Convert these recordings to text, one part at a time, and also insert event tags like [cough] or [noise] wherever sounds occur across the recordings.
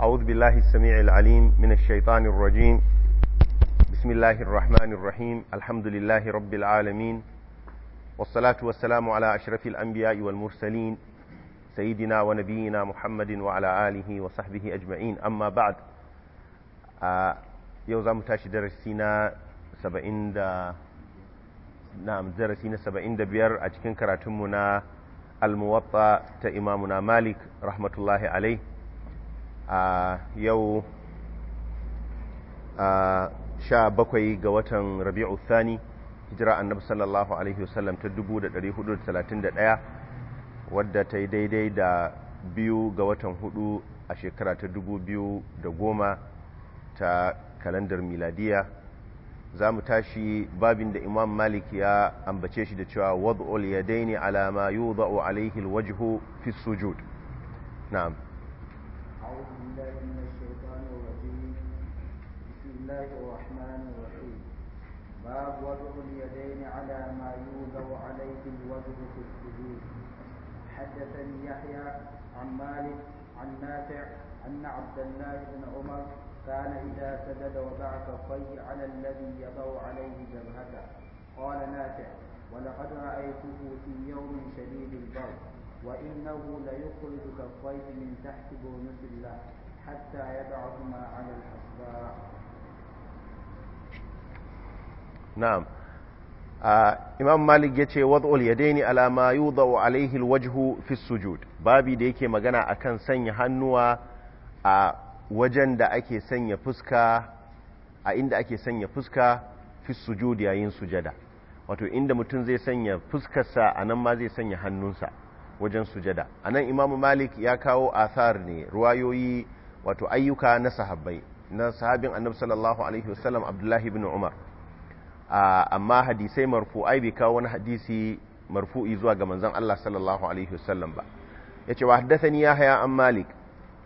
أعوذ بالله السميع العليم من الشيطان الرجيم بسم الله الرحمن الرحيم الحمد لله رب العالمين والصلاة والسلام على أشرف الأنبياء والمرسلين سيدنا ونبينا محمد وعلى آله وصحبه أجمعين أما بعد آه، يوزا متاشي درسينا سبعين دا نعم درسينا سبعين دا بير أجكن كراتمنا الموطأ تا إمامنا مالك رحمة الله عليه a yau a sha bakwai ga watan rabi'u thani hijira annabi sallallahu alaihi wasallam ta 1431 wadda ta yi daidai da biyu ga watan hudu a shekara ta goma ta kalandar miladiya za mu tashi babin da imam malik ya ambace shi da cewa wad'ul yadaini ala ma yudha'u alaihi alwajihu fi sujud na'am الله الرحمن الرحيم باب وضع اليدين على ما يوضع عليه الوجه في السجود حدثني يحيى عن مالك عن نافع أن عبد الله بن عمر كان إذا سجد وبعث الطي على الذي يضع عليه جبهته قال نافع ولقد رأيته في يوم شديد البرد وإنه ليخرج كالطي من تحت بونس الله حتى يضعهما على الحصباء na'am imam malik ya ce wad'ul yadaini alama ma yudau alaihi wajhu fi sujud babi da yake magana akan sanya hannuwa a wajen da ake sanya fuska a inda ake sanya fuska fi sujud yayin sujada wato inda mutum zai sanya fuskarsa anan ma zai sanya hannunsa wajen sujada anan Imam malik ya kawo athar ne ruwayoyi wato ayyuka na sahabbai na sahabin annabi sallallahu alaihi wasallam abdullahi ibn umar amma hadisai marfu'ai bai kawo wani hadisi marfu'i zuwa ga manzon Allah sallallahu alaihi wasallam ba yace wa haddathani yahya an malik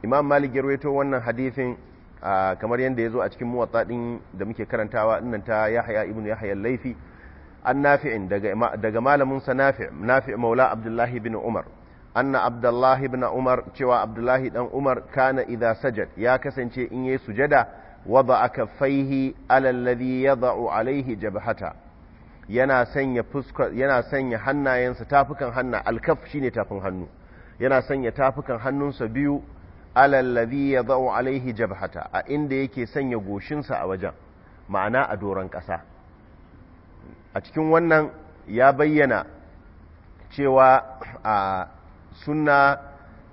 imam malik ya rawaito wannan hadisin kamar yanda yazo a cikin muwatta din da muke karantawa innan ta yahya ibnu yahya al-laifi an nafi'in daga daga malamin sa nafi' nafi' maula abdullahi ibn umar anna abdullahi ibn umar cewa abdullahi dan umar kana idza sajad ya kasance in yayi sujada كفيه على الذي يضع عليه جبهته yana sanya fuska yana sanya hannayensa tafukan hannu alkaf shine tafin hannu yana sanya tafukan hannunsa biyu alalladhi yada'u alaihi jabhata a inda yake sanya goshinsa a wajen ma'ana a doron ƙasa a cikin wannan ya bayyana cewa a sunna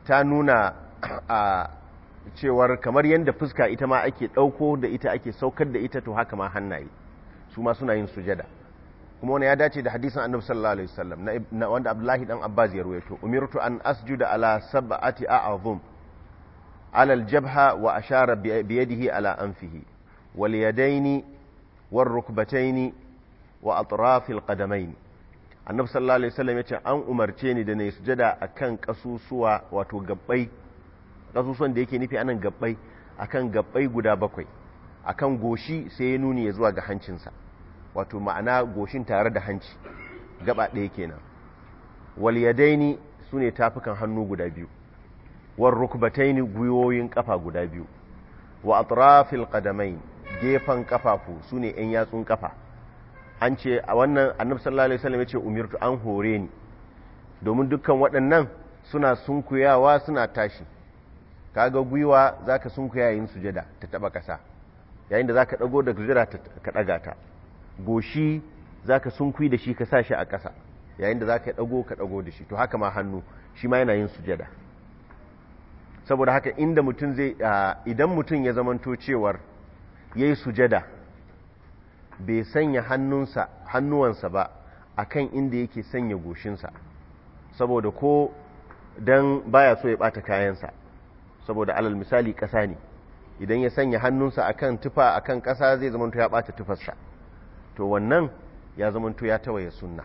ta nuna a cewar kamar yadda fuska ita ma ake ɗauko da ita ake saukar da ita to haka ma hannaye su ma suna yin sujada kuma wani ya dace da hadisan annabi sallallahu alaihi wasallam na wanda abdullahi dan abbas ya ruwaito umirtu an asjuda ala sab'ati a'zum ala aljabha wa ashara bi yadihi ala anfihi wal yadaini war rukbataini wa atraf ne annabi sallallahu alaihi wasallam yace an umarce ni da nayi sujada akan kasusuwa wato gabbai ƙasusuwan da yake nufi anan gabbai kan gabbai guda bakwai a kan goshi sai ya nuni ya zuwa ga hancinsa wato ma'ana goshin tare da hanci gaba ɗaya kenan wal su ne tafukan hannu guda biyu war rukbataini guyoyin kafa guda biyu wa atrafil kadamai gefan kafafu ne ɗan yatsun kafa an ce a wannan annabi sallallahu alaihi wasallam ce umirtu an hore ni domin dukkan waɗannan suna sunkuyawa suna tashi Ka ga gwiwa za zaka sunkuya yayin sujada ta taba kasa yayin da za ka dago da sujada ka daga ta goshi zaka sunkuyi da shi ka shi a kasa yayin da za zaka dago ka dago da shi to haka ma hannu shi ma yana yin sujada saboda haka inda mutum zai idan mutum ya zamanto cewar yayi sujada bai sanya hannunsa hannuwansa ba akan inda yake sanya goshinsa saboda ko dan baya so ya ɓata kayansa saboda alal misali ƙasa ne idan ya sanya hannunsa akan tufa akan ƙasa zai zamanto ya ɓata tufarsa to wannan ya zamanto ya tawaye sunna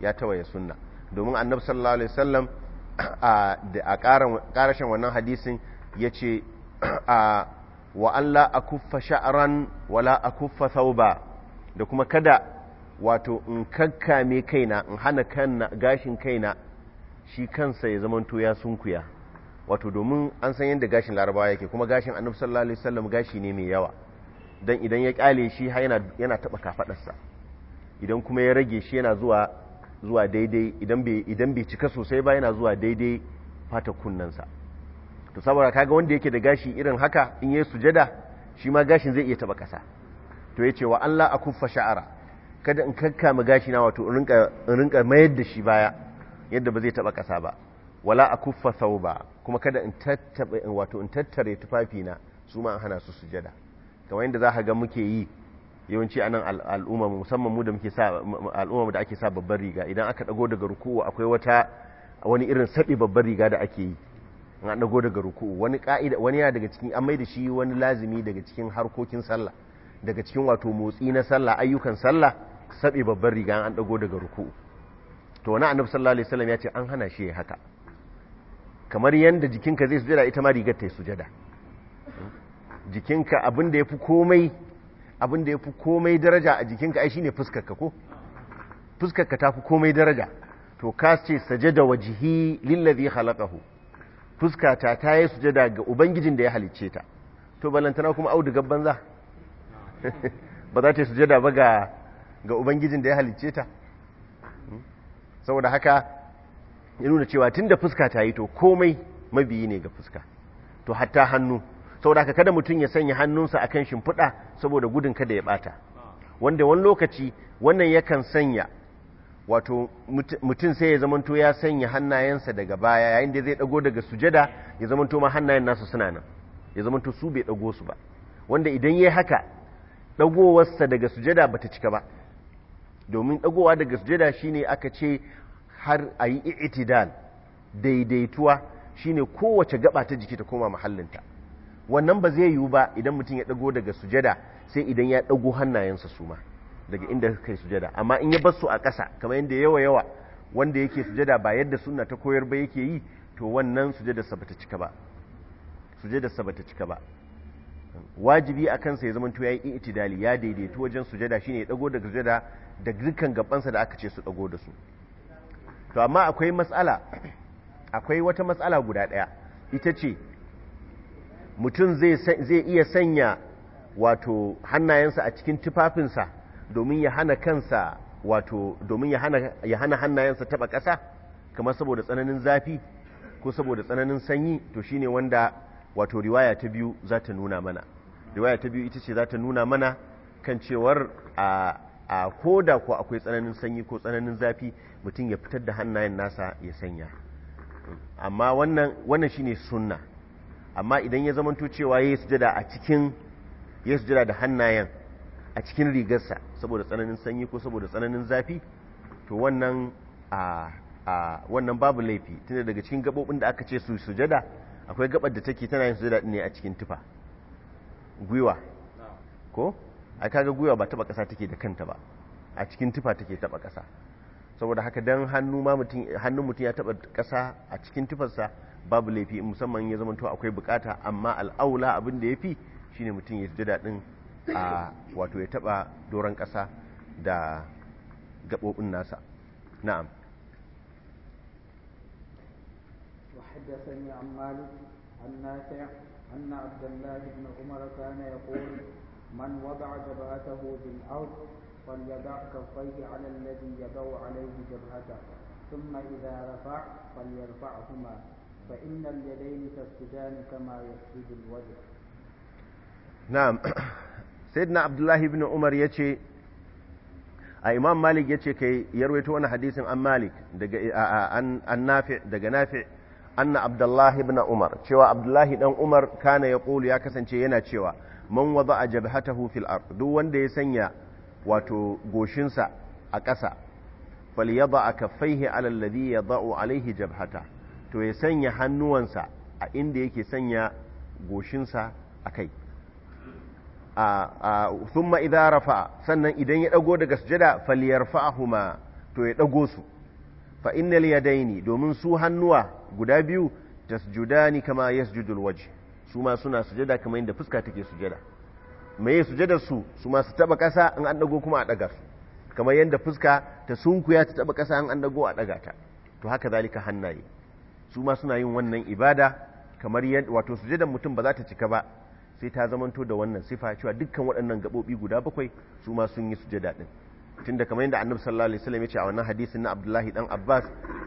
ya tawaye sunna domin annabi sallallahu alaihi wasallam [clears throat] a ƙarashin wannan hadisin yace [clears throat] a wa Allah akuffa sha'ran wala akuffa ba da kuma kada wato in kakkame kaina in hana gashin kaina shi kansa ya zamanto ya sunkuya wato domin an san yadda gashin larabawa yake kuma gashin annabi sallallahu alaihi wasallam gashi ne mai yawa dan idan ya kyale shi yana yana taba kafadarsa idan kuma ya rage shi yana zuwa zuwa daidai idan bai idan bai cika sosai ba yana zuwa daidai fata kunnansa to saboda kaga wanda yake da gashi irin haka in yayi sujada shi ma gashin zai iya taba kasa to yace wa Allah akuffa sha'ara kada in kakkama gashi na wato in rinka in rinka mayar da shi baya yadda ba zai taba kasa ba wala akuffa ba kuma kada in tattabe wato in tattare tufafina su ma an hana su sujada kamar yadda zaka ga muke yi yawanci a nan al'umma musamman mu da muke sa al'umma da ake sa babbar riga idan aka dago daga ruku'u akwai wata wani irin sabi babbar riga da ake yi in an dago daga ruku'u wani ka'ida wani ya daga cikin an maida shi wani lazimi daga cikin harkokin sallah daga cikin wato motsi na sallah ayyukan sallah sabi babbar riga an dago daga ruku'u to wani annabi sallallahu alaihi wasallam ya ce an hana shi haka kamar yadda jikinka zai sujada ita ma rigar ta yi sujada jikinka abin da ya fi komai abinda ya fi komai daraja a jikinka ai shine fuskarka ko fuskarka ta fi komai daraja to ka ce sajada wajihi lillazi khalaqahu fuskata ta yi sujada ga ubangijin da ya halicce ta to balantana kuma gabban za [laughs] ba za ta yi sujada ba ga ubangijin da ya halicce ta hmm? saboda haka ya nuna cewa tun da fuska ta yi to komai mabiyi ne ga fuska to hatta hannu saboda ka kada mutum ya sanya hannunsa a kan shimfiɗa saboda gudun kada ya ɓata wanda wani lokaci wannan yakan sanya wato mutum sai ya zamanto ya sanya hannayensa daga baya yayin da zai ɗago daga sujada ya zamanto ma hannayen nasu suna nan ya zamanto su bai ɗago su ba wanda idan ya haka ɗagowarsa daga sujada ba ta cika ba domin ɗagowa daga sujada shine aka ce har a yi i'tidal daidaituwa shine kowace gaba ta jiki ta koma mahallinta wannan ba zai yiwu ba idan mutum ya dago daga sujada sai idan ya dago hannayensa su ma daga inda kai sujada amma in ya bar su a ƙasa kamar yadda yawa yawa wanda yake sujada ba yadda suna ta koyar ba yake yi to wannan sujada sa bata cika ba sujada sa bata cika ba wajibi a kansa ya zamanto yayi i'tidali ya daidaito wajen sujada shine ya dago daga sujada da dukkan gabansa da aka ce su dago da su to amma akwai matsala akwai wata matsala guda daya ita ce mutum zai iya sanya wato hannayensa a cikin tufafinsa domin ya hana kansa wato domin ya hana hannayensa taba ƙasa kamar saboda tsananin zafi ko saboda tsananin sanyi to shine wanda wato riwaya ta biyu za ta nuna mana riwaya ta biyu ita ce za ta nuna mana kan cewar a koda ko akwai tsananin sanyi ko tsananin zafi mutum ya fitar da hannayen nasa ya sanya amma wannan wannan shine sunna amma idan ya zamanto cewa yi sujada a cikin ya sujada da hannayen a cikin rigarsa saboda tsananin sanyi ko saboda tsananin zafi to wannan a a wannan babu laifi tunda daga cikin gabobin da aka ce su sujada akwai gabar da take tana yin sujada ne a cikin tufa gwiwa ko a kaga gwiwa ba taba kasa take da kanta ba a cikin tufa take taba kasa saboda haka dan hannu ma mutum hannun mutum ya taba kasa a cikin tufarsa babu laifi musamman ya zama to akwai bukata amma al'aula abin da yafi shine mutum ya sujada din a wato ya taba doron kasa da gabobin nasa na'am أن عبد الله بن عمر كان يقول من وضع جبهته بالأرض فليضع كفيه على الذي يضع عليه جبهته ثم إذا رفع فليرفعهما فإن اليدين تسجدان كما يسجد الوجه نعم سيدنا عبد الله بن عمر يتي a imam malik ya ce kai ya wani hadisin an malik an nafi daga nafi anna abdullahi ibn umar cewa abdullahi dan umar kana ya ya kasance yana cewa man wada a jabhatahu fil ard duk wanda ya sanya wato goshinsa a ƙasa falyaba a kaffaihi alalladi ya ba'o alaihi jabhata to ya sanya hannuwansa a inda yake sanya goshinsa a kai thumma idza rafa sannan idan ya ɗago daga sujada falyarfa'huma to ya ɗago su fa innal daini domin su hannuwa guda biyu ni kama yasjudul waje su ma suna sujada kamar yadda fuska take sujada mai da su su masu taba kasa in an dago kuma a daga kamar yadda fuska ta sunkuya ta taba kasa in an dago a daga ta to haka zalika hannaye su ma suna yin wannan ibada kamar yadda wato sujadar mutum ba za ta cika ba sai ta zamanto da wannan sifa cewa dukkan waɗannan gaɓoɓi guda bakwai su ma sun yi sujada din tunda kamar yadda annabi sallallahu alaihi wasallam ya ce a wannan hadisin na Abdullahi dan Abbas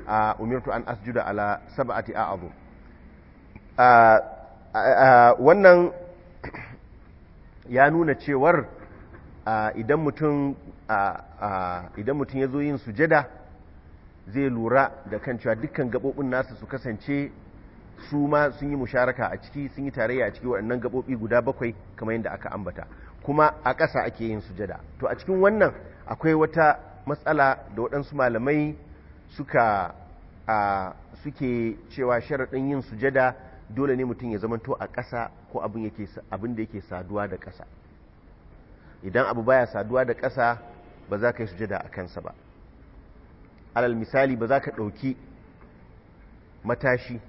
a umirtu an asjuda ala sab'ati a'adhu wannan ya nuna cewar idan mutum ya zo yin sujada zai lura da kan cewa dukkan gabobin nasa su kasance su ma sun yi musharaka a ciki sun yi tarayya a ciki waɗannan gaɓoɓi guda bakwai kamar yadda aka ambata kuma a ƙasa ake yin sujada to a cikin wannan akwai wata matsala da waɗansu malamai suka suke cewa sharaɗin yin sujada dole ne mutum ya zamanto a ƙasa ko abin da yake saduwa da ƙasa idan abu baya saduwa da ƙasa ba za ka yi sujada a kansa ba alal misali ba za ka ɗauki matashi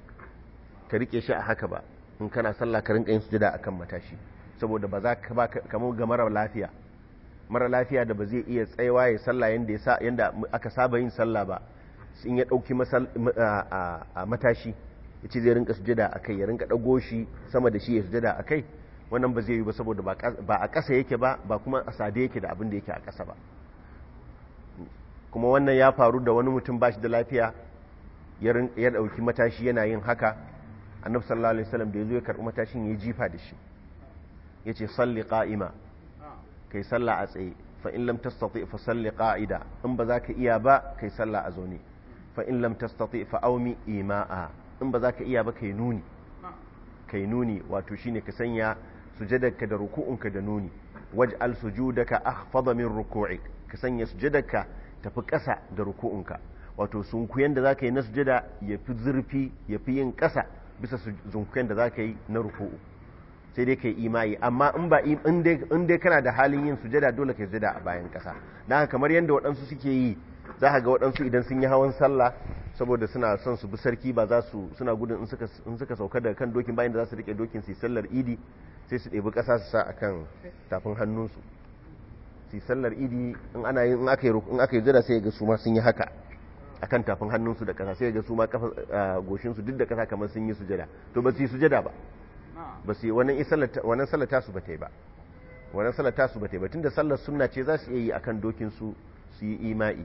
ka riƙe shi a haka ba in kana sallah ka rinƙa yin sujada a kan matashi saboda ba za ka ba kamar ga mara lafiya mara lafiya da ba zai iya tsayawa ya sallah yadda aka saba yin sallah ba in ya ɗauki matashi ya ce zai rinka sujada a kai ya rinka ɗago shi sama da shi ya sujada a kai wannan ba zai yi ba saboda ba a ƙasa yake ba ba kuma a sade yake da abin da yake a ƙasa ba kuma wannan ya faru da wani mutum ba shi da lafiya ya ɗauki matashi yana yin haka annabi sallallahu alaihi wasallam da ya zo ya karɓi matashin ya jifa da shi ya ce salli ƙa'ima kai salla a tsaye fa in lam tastati fa salli qa'ida in ba za ka iya ba kai salla a zaune fa in lam tastati fa aumi ima'a in ba za ka iya ba ka yi nuni ka yi nuni wato shine ka sanya sujadarka da ruku'unka da nuni waj'al sujudaka akhfada min ruku'i ka sanya sujadarka tafi ƙasa da ruku'unka wato sunkuyen da za ka yi na sujada ya fi zurfi ya fi yin ƙasa bisa sunkuyen da za ka yi na ruku'u sai dai ka yi imayi amma in ba in dai kana da halin yin sujada dole ka yi sujada a bayan ƙasa dan kamar yadda waɗansu suke yi za ka ga waɗansu idan sun yi hawan sallah saboda suna son su bi sarki ba za su suna gudun in suka sauka daga kan dokin bayan da za su rike dokin su sallar idi sai su ɗebi ƙasa su sa a kan tafin hannunsu su sallar idi in ana aka yi in aka yi zira sai ga su ma sun yi haka a kan tafin hannunsu da ƙasa sai ga su ma kafa duk da ƙasa kamar sun yi sujada to ba su yi sujada ba ba su yi wannan sallar tasu ba ta yi ba wannan sallar tasu ba ta yi ba tunda sallar sunna ce za su iya yi akan dokin su su yi ima'i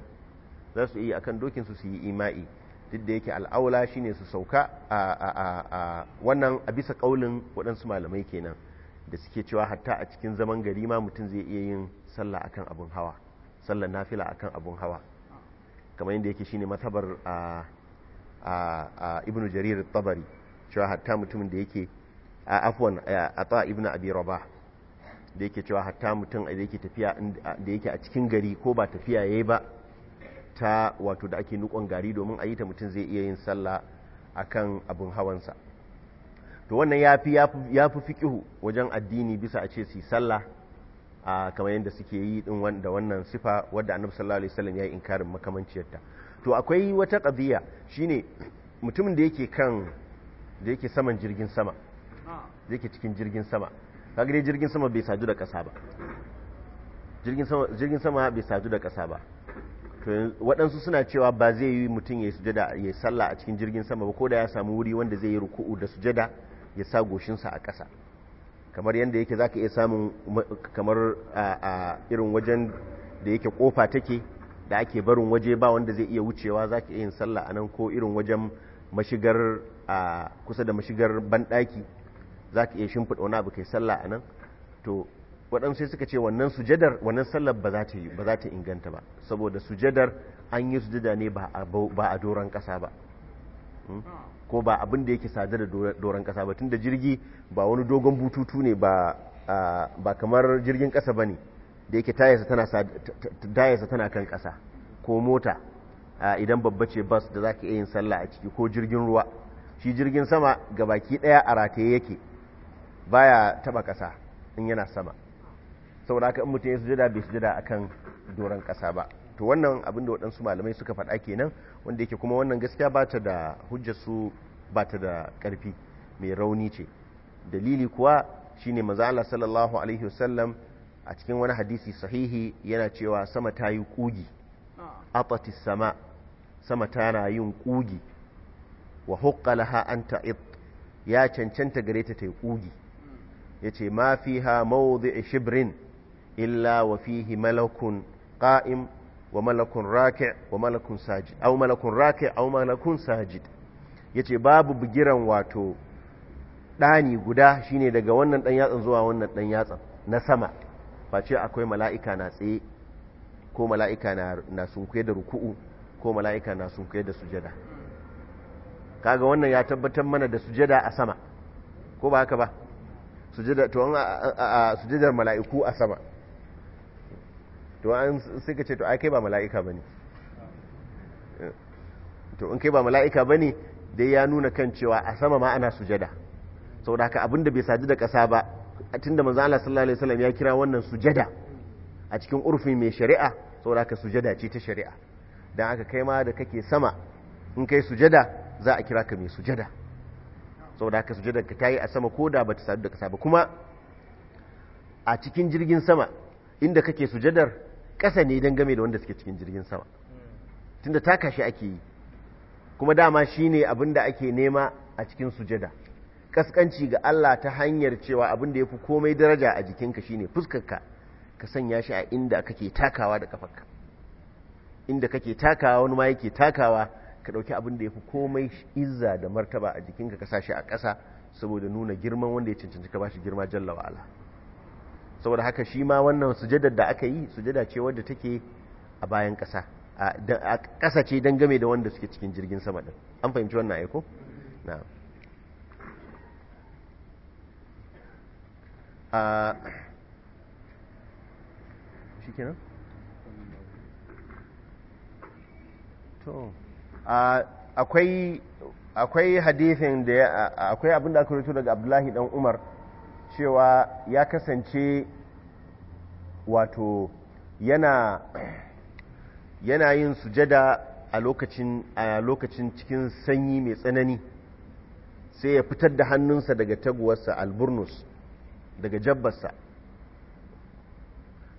za su iya akan dokinsu su yi ima'i duk da yake al'aula shine su sauka a wannan a bisa kaulin waɗansu malamai kenan da suke cewa hatta a cikin zaman gari ma mutum zai iya yin sallah akan abun hawa sallar nafila akan abun hawa kamar yadda yake shine matabar a ibnu jarir tabari cewa hatta mutumin da yake a afwan a ta ibnu abi rabah da yake cewa hatta mutum da yake tafiya da yake a cikin gari ko ba tafiya yayi ba ta wato da ake nukon gari domin a yi ta mutum zai iya yin sallah a kan abin hawansa to wannan ya fi fiƙihu wajen addini bisa a ce su sallah a kamar yadda suke yi din da wannan sifa wadda annabi sallallahu alaihi wasallam ya yi inkarin makamanciyarta to akwai wata shi shine mutumin da yake kan da yake saman jirgin sama da yake cikin jirgin sama kaga dai jirgin sama bai saju da ƙasa ba jirgin sama bai saju da ƙasa ba waɗansu suna cewa ba zai yi mutum ya sujada ya salla a cikin jirgin sama ba ko da ya samu wuri wanda zai yi ruku'u da sujada ya sa goshinsa a ƙasa kamar yadda yake za ka iya samun kamar a irin wajen da yake ƙofa take da ake barin waje ba wanda zai iya wucewa za ka iya yin salla a nan ko irin wajen mashigar a kusa da mashigar banɗaki za ka iya shimfiɗa wani abu kai salla a nan to waɗansu sai suka ce wannan sujadar wannan sallar ba za ta inganta ba saboda sujadar an yi sujada ne ba a doron ƙasa ba hmm? ko ba abin da yake sada da doron ƙasa ba tunda jirgi ba wani dogon bututu ne ba kamar jirgin ƙasa ba ne da yake tayarsa tana kan ƙasa ko mota idan babba ce bas da za ka iya yin sallah a ciki ko jirgin ruwa shi jirgin sama ga baki ɗaya a rataye yake baya taɓa ƙasa in yana sama saboda in mutum ya sujada bai sujada akan doron ƙasa ba to wannan abin da waɗansu malamai suka faɗa kenan wanda yake kuma wannan gaskiya ba ta da hujjarsu ba ta da ƙarfi mai rauni ce dalili kuwa shine maza Allah sallallahu alaihi wasallam a cikin wani hadisi sahihi yana cewa sama ta yi ƙugi atatis sama sama tana yin ƙugi wa hukka an ta'id ya cancanta gare ta ta yi ƙugi yace ma fiha mawdhi'u shibrin illa wa fihi malakun qa'im wa malakun Rake wa malakun sajid au malakun raki' aw malakun sajid yace babu bugiran wato dani guda shine daga wannan dan yatsan zuwa wannan dan yatsan na sama face akwai mala'ika na tsaye ko mala'ika na sunkuye da ruku'u ko mala'ika na sunkuye da sujada kaga wannan ya tabbatar mana da sujada a sama ko ba haka ba sujada to an sujadar mala'iku a sama to an sai ka ce to ai kai ba mala'ika bane to in kai ba mala'ika bane dai ya nuna kan cewa a sama ma ana sujada saboda haka abinda bai saji da kasa ba tunda manzo Allah sallallahu alaihi wasallam ya kira wannan sujada a cikin urfi mai shari'a saboda haka sujada ce ta shari'a dan aka kai ma da kake sama in kai sujada za a kira ka mai sujada saboda haka sujada ka tayi a sama koda bata sadu da kasa ba kuma a cikin jirgin sama inda kake sujadar ƙasa ne don game da wanda suke cikin jirgin sama tunda taka shi ake yi kuma dama shi ne abin da ake nema a cikin sujada ƙasƙanci ga Allah ta hanyar cewa abin da ya fi komai daraja a jikinka shine fuskarka ka sanya shi a inda kake takawa da kafarka inda kake takawa wani ma yake takawa ka ɗauki abin da ya fi komai izza da martaba a jikinka ka sa shi a ƙasa saboda nuna girman wanda ya cancanci ka ba shi girma jallawa Allah. saboda haka shi ma wannan sujadar da aka yi sujada ce wadda take a bayan ƙasa a ƙasa ce don game da wanda suke cikin jirgin sama ɗin an fahimci wannan aiko? na a shi kenan? to akwai akwai hadithin da akwai abin da aka rito daga abdullahi dan umar cewa ya kasance wato yana yana yin sujada a lokacin a lokacin cikin sanyi mai tsanani sai ya fitar da hannunsa daga taguwarsa alburnus daga jabbarsa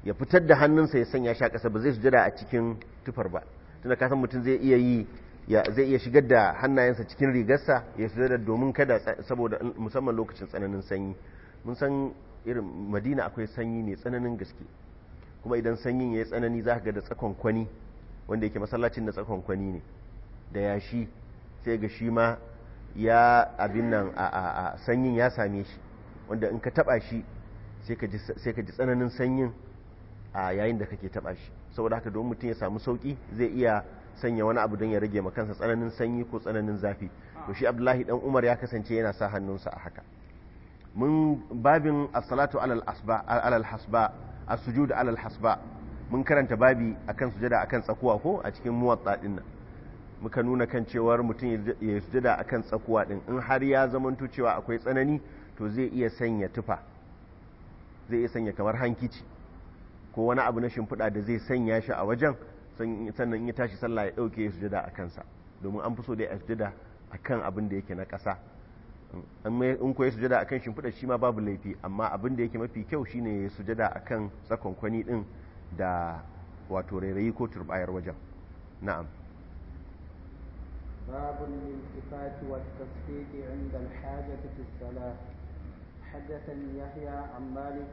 ya fitar da hannunsa ya sanya shi a ƙasa ba zai sujada a cikin tufar ba tunda kasan mutum zai iya yi zai iya shigar da hannayensa cikin rigarsa ya sujada domin kada saboda musamman lokacin tsananin sanyi mun san irin madina akwai sanyi ne tsananin gaske kuma idan sanyin ya yi tsanani za ga da tsakon kwani wanda yake masallacin da tsakon kwani ne da yashi sai ga shi ma ya abin nan a sanyin ya same shi wanda in ka taba shi sai ka ji tsananin sanyin a yayin da kake taba shi saboda haka domin mutum ya samu sauki zai iya sanya wani abu don ya rage makansa tsananin sanyi ko tsananin zafi to shi abdullahi dan umar ya kasance yana sa hannunsa a haka mun babin as-salatu alal asba a hasba as-sujud alal hasba mun karanta babi akan sujada akan tsakuwa ko a cikin muwatta din nan muka nuna kan cewar mutum ya sujada akan tsakuwa din in har ya zamanto cewa akwai tsanani to zai iya sanya tufa zai iya sanya kamar hankici ko wani abu na shimfiɗa da zai sanya shi a wajen sannan ya tashi sallah ya ɗauke ya sujada a kansa domin an fi so dai a sujada a kan abin da yake na ƙasa in kuwa ya sujada a kan shimfiɗar shi babu laifi amma abin da yake mafi kyau shi ne ya sujada a kan tsakon kwani ɗin da wato rairayi ko turbayar wajen na'am babun liltifati wa tasfiki inda alhajati fi salah hadathan yahya an malik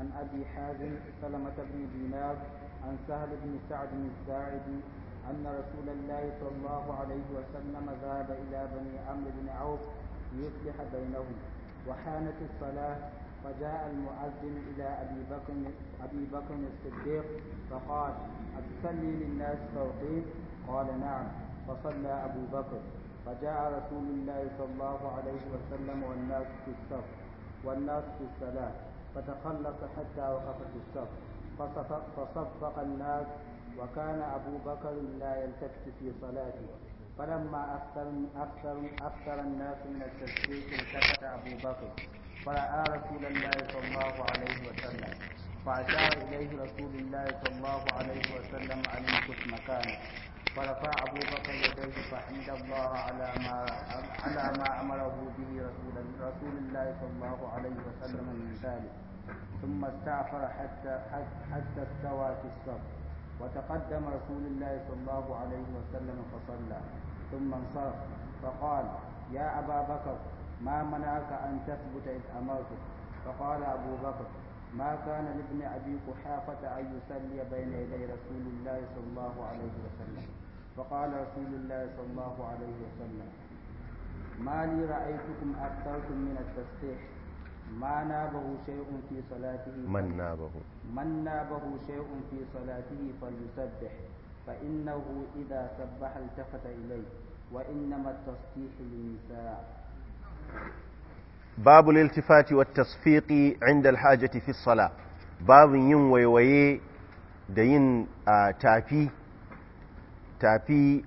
an abi hazim salamat ibn dinar an sahl ibn sa'd ibn sa'id an rasulullahi sallallahu alaihi wa sallam zaba ila bani amr ibn auf ليصلح بينهم وحانت الصلاة فجاء المؤذن إلى أبي بكر أبي بكر الصديق فقال أتصلي للناس فوقي قال نعم فصلى أبو بكر فجاء رسول الله صلى الله عليه وسلم والناس في الصف والناس في الصلاة فتخلص حتى وقف في الصف فصفق الناس وكان أبو بكر لا يلتفت في صلاته فلما أكثر أكثر أكثر الناس من التشريك التفت أبو بكر فرأى رسول الله صلى الله عليه وسلم فأشار إليه رسول الله صلى الله عليه وسلم أن يمكث مكانه فرفع أبو بكر يديه فحمد الله على ما على ما أمره به رسول رسول الله صلى الله عليه وسلم من ذلك ثم استعفر حتى حتى استوى في الصف وتقدم رسول الله صلى الله عليه وسلم فصلى ثم انصرف فقال يا أبا بكر ما منعك أن تثبت إذ أمرتك فقال أبو بكر ما كان لابن أبي قحافة أن يصلي بين يدي رسول الله صلى الله عليه وسلم فقال رسول الله صلى الله عليه وسلم ما لي رأيتكم أكثرتم من التسبيح ما نابه شيء في صلاته من نابه من نابه شيء في صلاته فليسبح فإنه إذا سبح التفت إليه وإنما التصبيح للنساء باب الالتفات والتصفيق عند الحاجة في الصلاة باب yin waiwaye da yin tafi tafi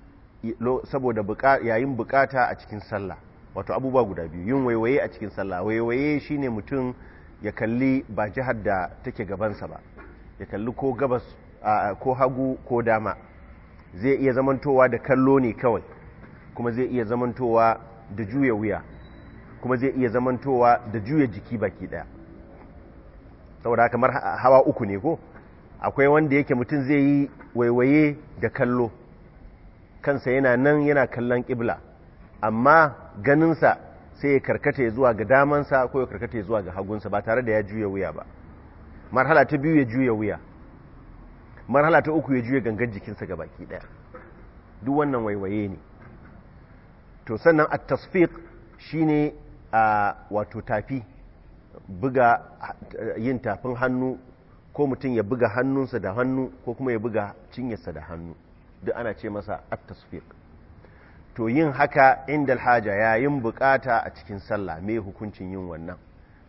saboda yayin bukata a cikin sallah wato abubuwa guda biyu yin waiwaye a cikin sallah waiwaye shine mutum ya kalli ba jihar da take gabansa ba ya kalli ko gabas ko hagu ko dama zai iya zamantowa da kallo ne kawai kuma zai iya zamantowa da juya wuya kuma zai iya zamantowa da juya jiki baki daya saboda kamar hawa uku ne ko akwai wanda yake mutum zai yi waiwaye da kallo kansa yana nan yana kallon ƙibla amma ganinsa sai ya karkata ya zuwa ga damansa ko ya karkata zuwa ga hagunsa ba tare da ya juya wuya ba marhala ta biyu ya juya wuya marhala ta uku ya juya gangan jikinsa ga baki ɗaya duk wannan waiwaye ne to sannan a tasfiq shine a wato tafi buga yin tafin hannu ko mutum ya buga hannunsa da hannu ko kuma ya buga cinyarsa da hannu duk ana ce masa at-tasfiq to yin haka inda alhaja yayin bukata a cikin sallah me hukuncin yin wannan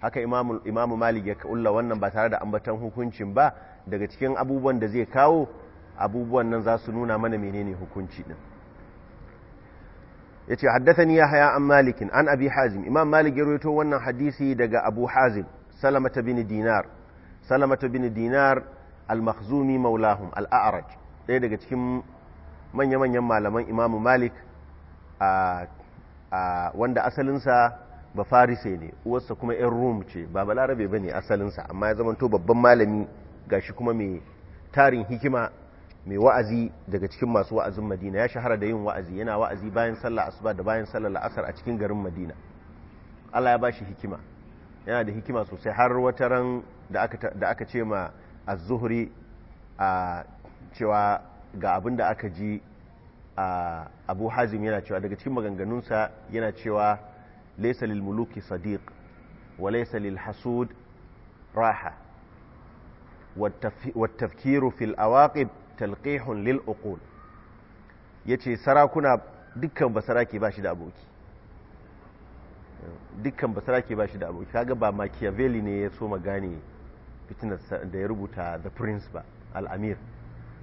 haka imamu, malik ya kulla wannan ba tare da ambatan hukuncin ba daga cikin abubuwan da zai kawo abubuwan nan za su nuna mana menene hukunci din yace haddathani yahya an malikin an abi hazim imam malik ya rawaito wannan hadisi daga abu hazim salamata bin dinar salamata bin dinar al-makhzumi maulahum al-a'raj ɗaya daga cikin manya-manyan malaman imamu malik wanda asalinsa ba farise ne uwarsa kuma yan rum ce ba balarabe ba ne asalinsa amma ya zamanto babban malami ga shi kuma mai tarin hikima mai wa'azi daga cikin masu wa'azin madina ya shahara da yin wa'azi yana wa'azi bayan sallah asuba da bayan sallah la'asar a cikin garin madina allah ya ba shi hikima yana da hikima sosai har wata ran da aka ce ma a zuhri a cewa ga abin da aka ji abu hazim yana cewa daga cikin maganganunsa yana cewa laisa lil muluki sadiq wa laisa lil hasud raha wa tafkiru fil awaqib talqihun lil uqul yace sarakuna dukkan basaraki bashi da aboki dukkan basaraki bashi da aboki kaga ba machiavelli ne ya so magane fitinar da ya rubuta the prince ba al-amir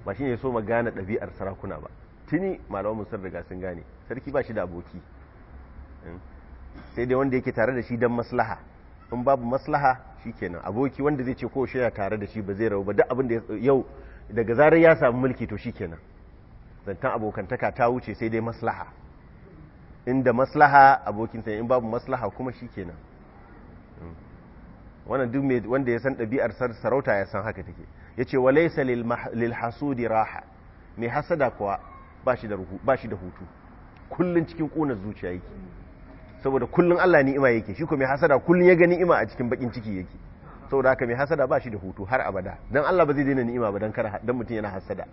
ba shine ya so magana ɗabi'ar sarakuna ba tuni malawar sun riga sun gane sarki ba shi da aboki hmm? sai dai wanda yake tare da shi don maslaha in babu maslaha shi kenan aboki wanda zai ce ko shi ya tare da shi ba zai rabu ba duk abin da yau daga zarar ya samu mulki to shi kenan zantan abokantaka ta wuce sai dai maslaha inda maslaha abokin sai in babu maslaha kuma shi kenan hmm? wannan duk wanda ya san ɗabi'ar sarauta ya san haka take ya ce wa laisa lil hasudi raha mai hasada kuwa ba shi da hutu kullum cikin ƙonar zuciya yake saboda kullum Allah ni'ima yake shi ko mai hasada kullum ya gani ni'ima a cikin bakin ciki yake saboda haka mai hasada ba shi da hutu har abada dan Allah ba zai daina ni'ima ba dan kar dan mutum yana hasada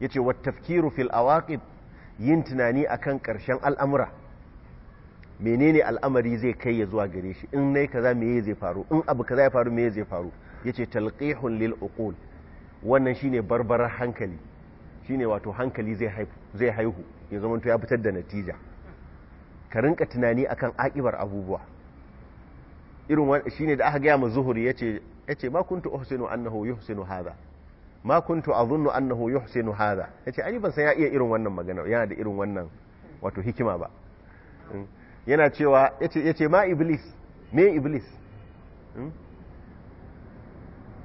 yace wat tafkiru fil awaqib yin tunani akan karshen al'amura menene al'amari zai kai ya zuwa gare shi in nayi kaza me zai faru in abu kaza ya faru me zai faru yace talqihun lil uqul wannan shine barbarar hankali shine wato hankali zai haihu ya zama to ya fitar da natija ka rinka tunani akan akibar abubuwa irin ne da aka gaya ma zuhuri yace yace ma kuntu uhsinu annahu yuhsinu hadha ma kuntu adhunnu annahu yuhsinu haza yace ce ban san ya iya irin wannan magana yana da irin wannan wato hikima ba hmm. yana cewa yace ce ma iblis me iblis hmm.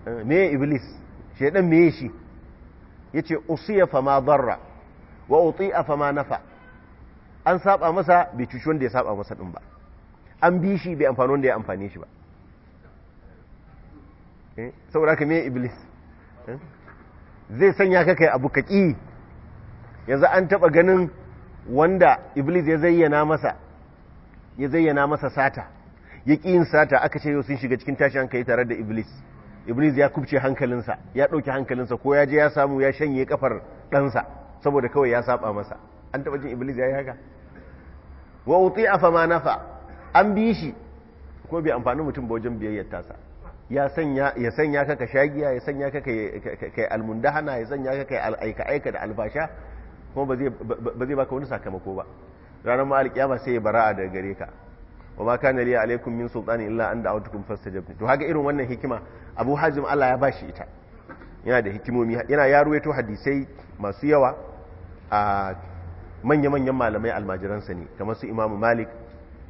eh, me iblis shi ya dan me shi yace usiya fama darra wa fa fama nafa an saba masa bai cuci wanda ya saba masa din ba an bi shi bai amfani wanda ya amfani shi ba eh, saboda ka me iblis eh, zai sanya ka kai abu kaki yanzu an taba ganin wanda iblis ya zayyana masa ya zayyana masa sata ya ƙi yin sata aka ce yau sun shiga cikin tashi hankali tare da iblis iblis ya kubce hankalinsa ya ɗauki hankalinsa ko ya je ya samu ya shanye kafar ɗansa saboda kawai ya saba masa an taɓa jin iblis ya yi haka wa wuti a fama nafa an bi shi ko bai amfani mutum ba wajen biyayyar tasa ya sanya ka ka shagiya ya sanya ka kai almundahana ya sanya ka kai aika aika da albasha kuma ba zai baka wani sakamako ba ranar ma alƙiyama sai ya bara daga gare ka wa ma kana liya alaikum min sultani illa an fasta fastajabtu to haka irin wannan hikima abu hajjim Allah ya shi ita yana da hikimomi yana ya ruwaito hadisai masu yawa a manya-manyan malamai almajiransa ne kamar su imamu malik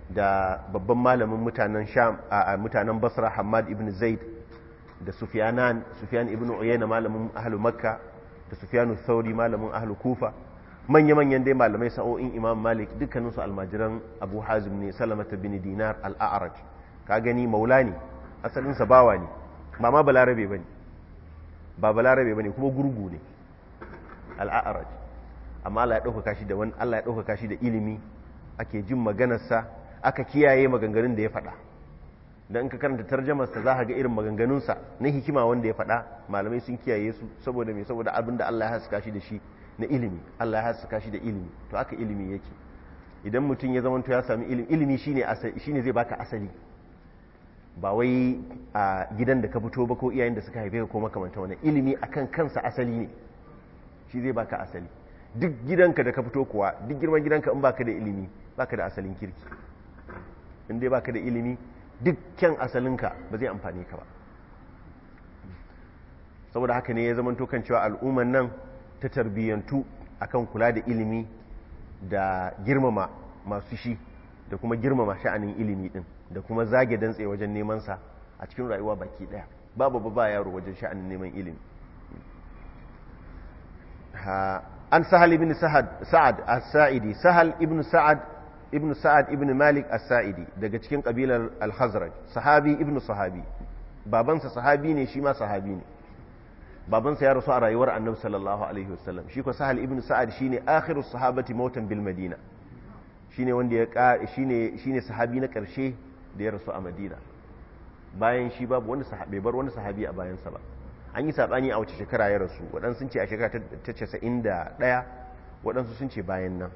da babban malamin mutanen sham a mutanen basra hamad ibn zaid da sufyanan sufyan ibn uyayna malamin ahlu makka da sufyanu thauri malamin ahlu kufa manya-manyan dai malamai sa'o'in imam malik dukkaninsu almajiran abu hazim ne salamata bin dinar al'a'arat ka gani maula ne asalinsa bawa ne ba ma balarabe ba ne ba balarabe ba ne kuma gurgu ne al'a'araj amma Allah ya ɗaukaka shi da wani Allah ya ɗaukaka shi da ilimi ake jin maganarsa aka kiyaye maganganun da ya faɗa don ka karanta tarjamarsa za ka ga irin maganganunsa na hikima wanda ya faɗa malamai sun kiyaye su saboda mai saboda abin da Allah ya haska shi da shi na ilimi Allah ya haska shi da ilimi to aka ilimi yake idan mutum ya zamanto ya sami ilimi ilimi shine shine zai baka asali ba wai a gidan da ka fito ba ko iyayen da suka haife ka ko makamanta wannan ilimi akan kansa asali ne shi zai baka asali duk gidanka da ka fito kuwa duk girman gidanka in baka da ilimi baka da asalin kirki in dai baka da ilimi duk kyan asalinka ba zai amfani ka ba saboda haka ne ya zama tokan cewa al'umman nan ta tarbiyyantu akan kula da ilimi da girmama masu shi da kuma girmama sha'anin ilimi din da kuma zage dantse wajen neman sa a cikin rayuwa baki daya babu ba yaro wajen sha'anin neman ilimi an sahal ibn sa'ad as-sa'idi sahal ibn sa'ad ibn sa'ad ibn malik as-sa'idi daga cikin kabilar al-hazraj sahabi ibn sahabi babansa sahabi ne shi ma sahabi ne babansa ya rasu a rayuwar annabi sallallahu alaihi wasallam shi ko sahal ibn sa'ad shine akhiru sahabati mautan bil madina shine wanda ya shine shine sahabi na karshe da ya rasu a madina bayan shi babu wani sahabi bar wani sahabi a bayansa ba an yi sabani a wace shekara ya rasu waɗansu sun ce a shekara ta casa'in da ɗaya waɗansu sun ce bayan nan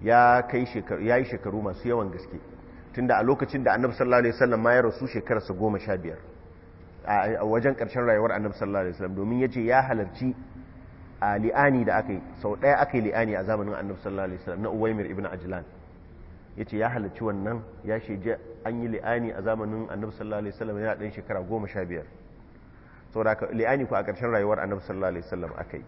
ya kai shekaru ya yi shekaru masu yawan gaske tunda a lokacin da annabi sallallahu alaihi wasallam ma ya rasu shekararsa goma sha biyar a wajen ƙarshen rayuwar annabi sallallahu alaihi wasallam domin ya ce ya halarci a li'ani da aka yi sau ɗaya aka yi li'ani a zamanin annabi sallallahu alaihi wasallam na uwaimir ibn ajlan ya ce ya halarci wannan ya shige an yi li'ani a zamanin annabi sallallahu alaihi wasallam yana ɗan shekara goma sha biyar saboda li'ani ku a ƙarshen rayuwar annabi sallallahu alaihi wasallam akai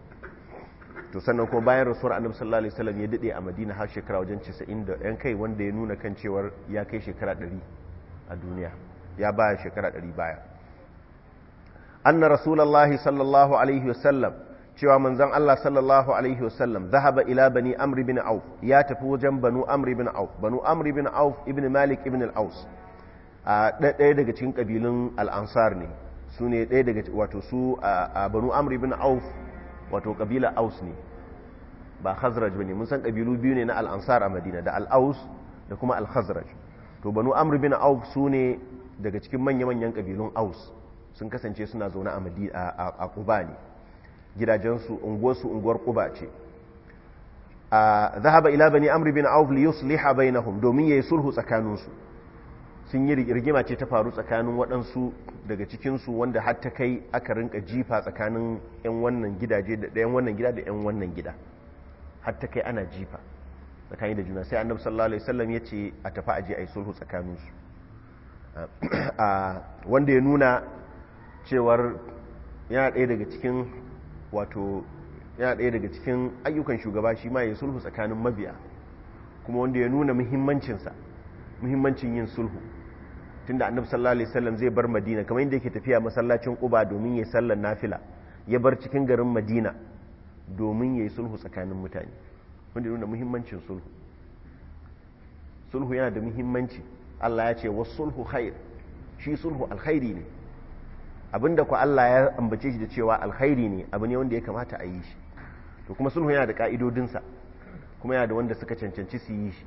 to sannan kuma bayan rasuwar annabi sallallahu alaihi wasallam ya dade a madina har shekara wajen 90 da yan kai wanda ya nuna kan cewar ya kai shekara 100 a duniya ya baya shekara 100 baya anna rasulullahi sallallahu alaihi wasallam cewa manzon Allah sallallahu alaihi wasallam zahaba ila bani amr bin auf ya tafi wajen banu amr bin auf banu amr bin auf ibn malik ibn al-aus a ɗaya daga cikin kabilun al-ansar ne su ne ɗaya daga wato su a banu amr bin auf wato kabila aus ne ba khazraj bane mun san kabilu biyu ne na al-ansar a madina da al-aus da kuma al-khazraj to banu amr bin auf su ne daga cikin manya-manyan kabilun aus sun kasance suna zaune a madina a quba ne gidajensu unguwarsu unguwar kuba ce zahaba ila bani amri bin auf li yusliha bainahum domin yayi sulhu tsakaninsu sun yi rigima ce ta faru tsakanin waɗansu daga cikinsu wanda har ta kai aka rinka jifa tsakanin 'yan wannan gidaje da 'yan wannan gida da 'yan wannan gida har ta kai ana jifa tsakanin da juna sai annabi sallallahu alaihi wasallam ya ce a tafi aje a yi sulhu tsakaninsu wanda ya nuna cewar yana ɗaya daga cikin wato yana ɗaya daga cikin ayyukan shugaba shi ma ya sulhu tsakanin mabiya kuma wanda ya nuna muhimmancinsa muhimmancin yin sulhu tunda annab sallallahu alaihi sallam zai bar madina kamar yadda yake tafiya masallacin uba domin ya sallar nafila ya bar cikin garin madina domin ya yi sulhu tsakanin mutane wanda ya nuna muhimmancin sulhu sulhu yana da muhimmanci Allah ya ce wasu sulhu khair shi sulhu alkhairi ne abinda ku Allah ya ambace shi da cewa alkhairi ne abu ne wanda ya kamata a yi shi to kuma sulhu yana da ka'idodinsa kuma yana da wanda suka cancanci su yi shi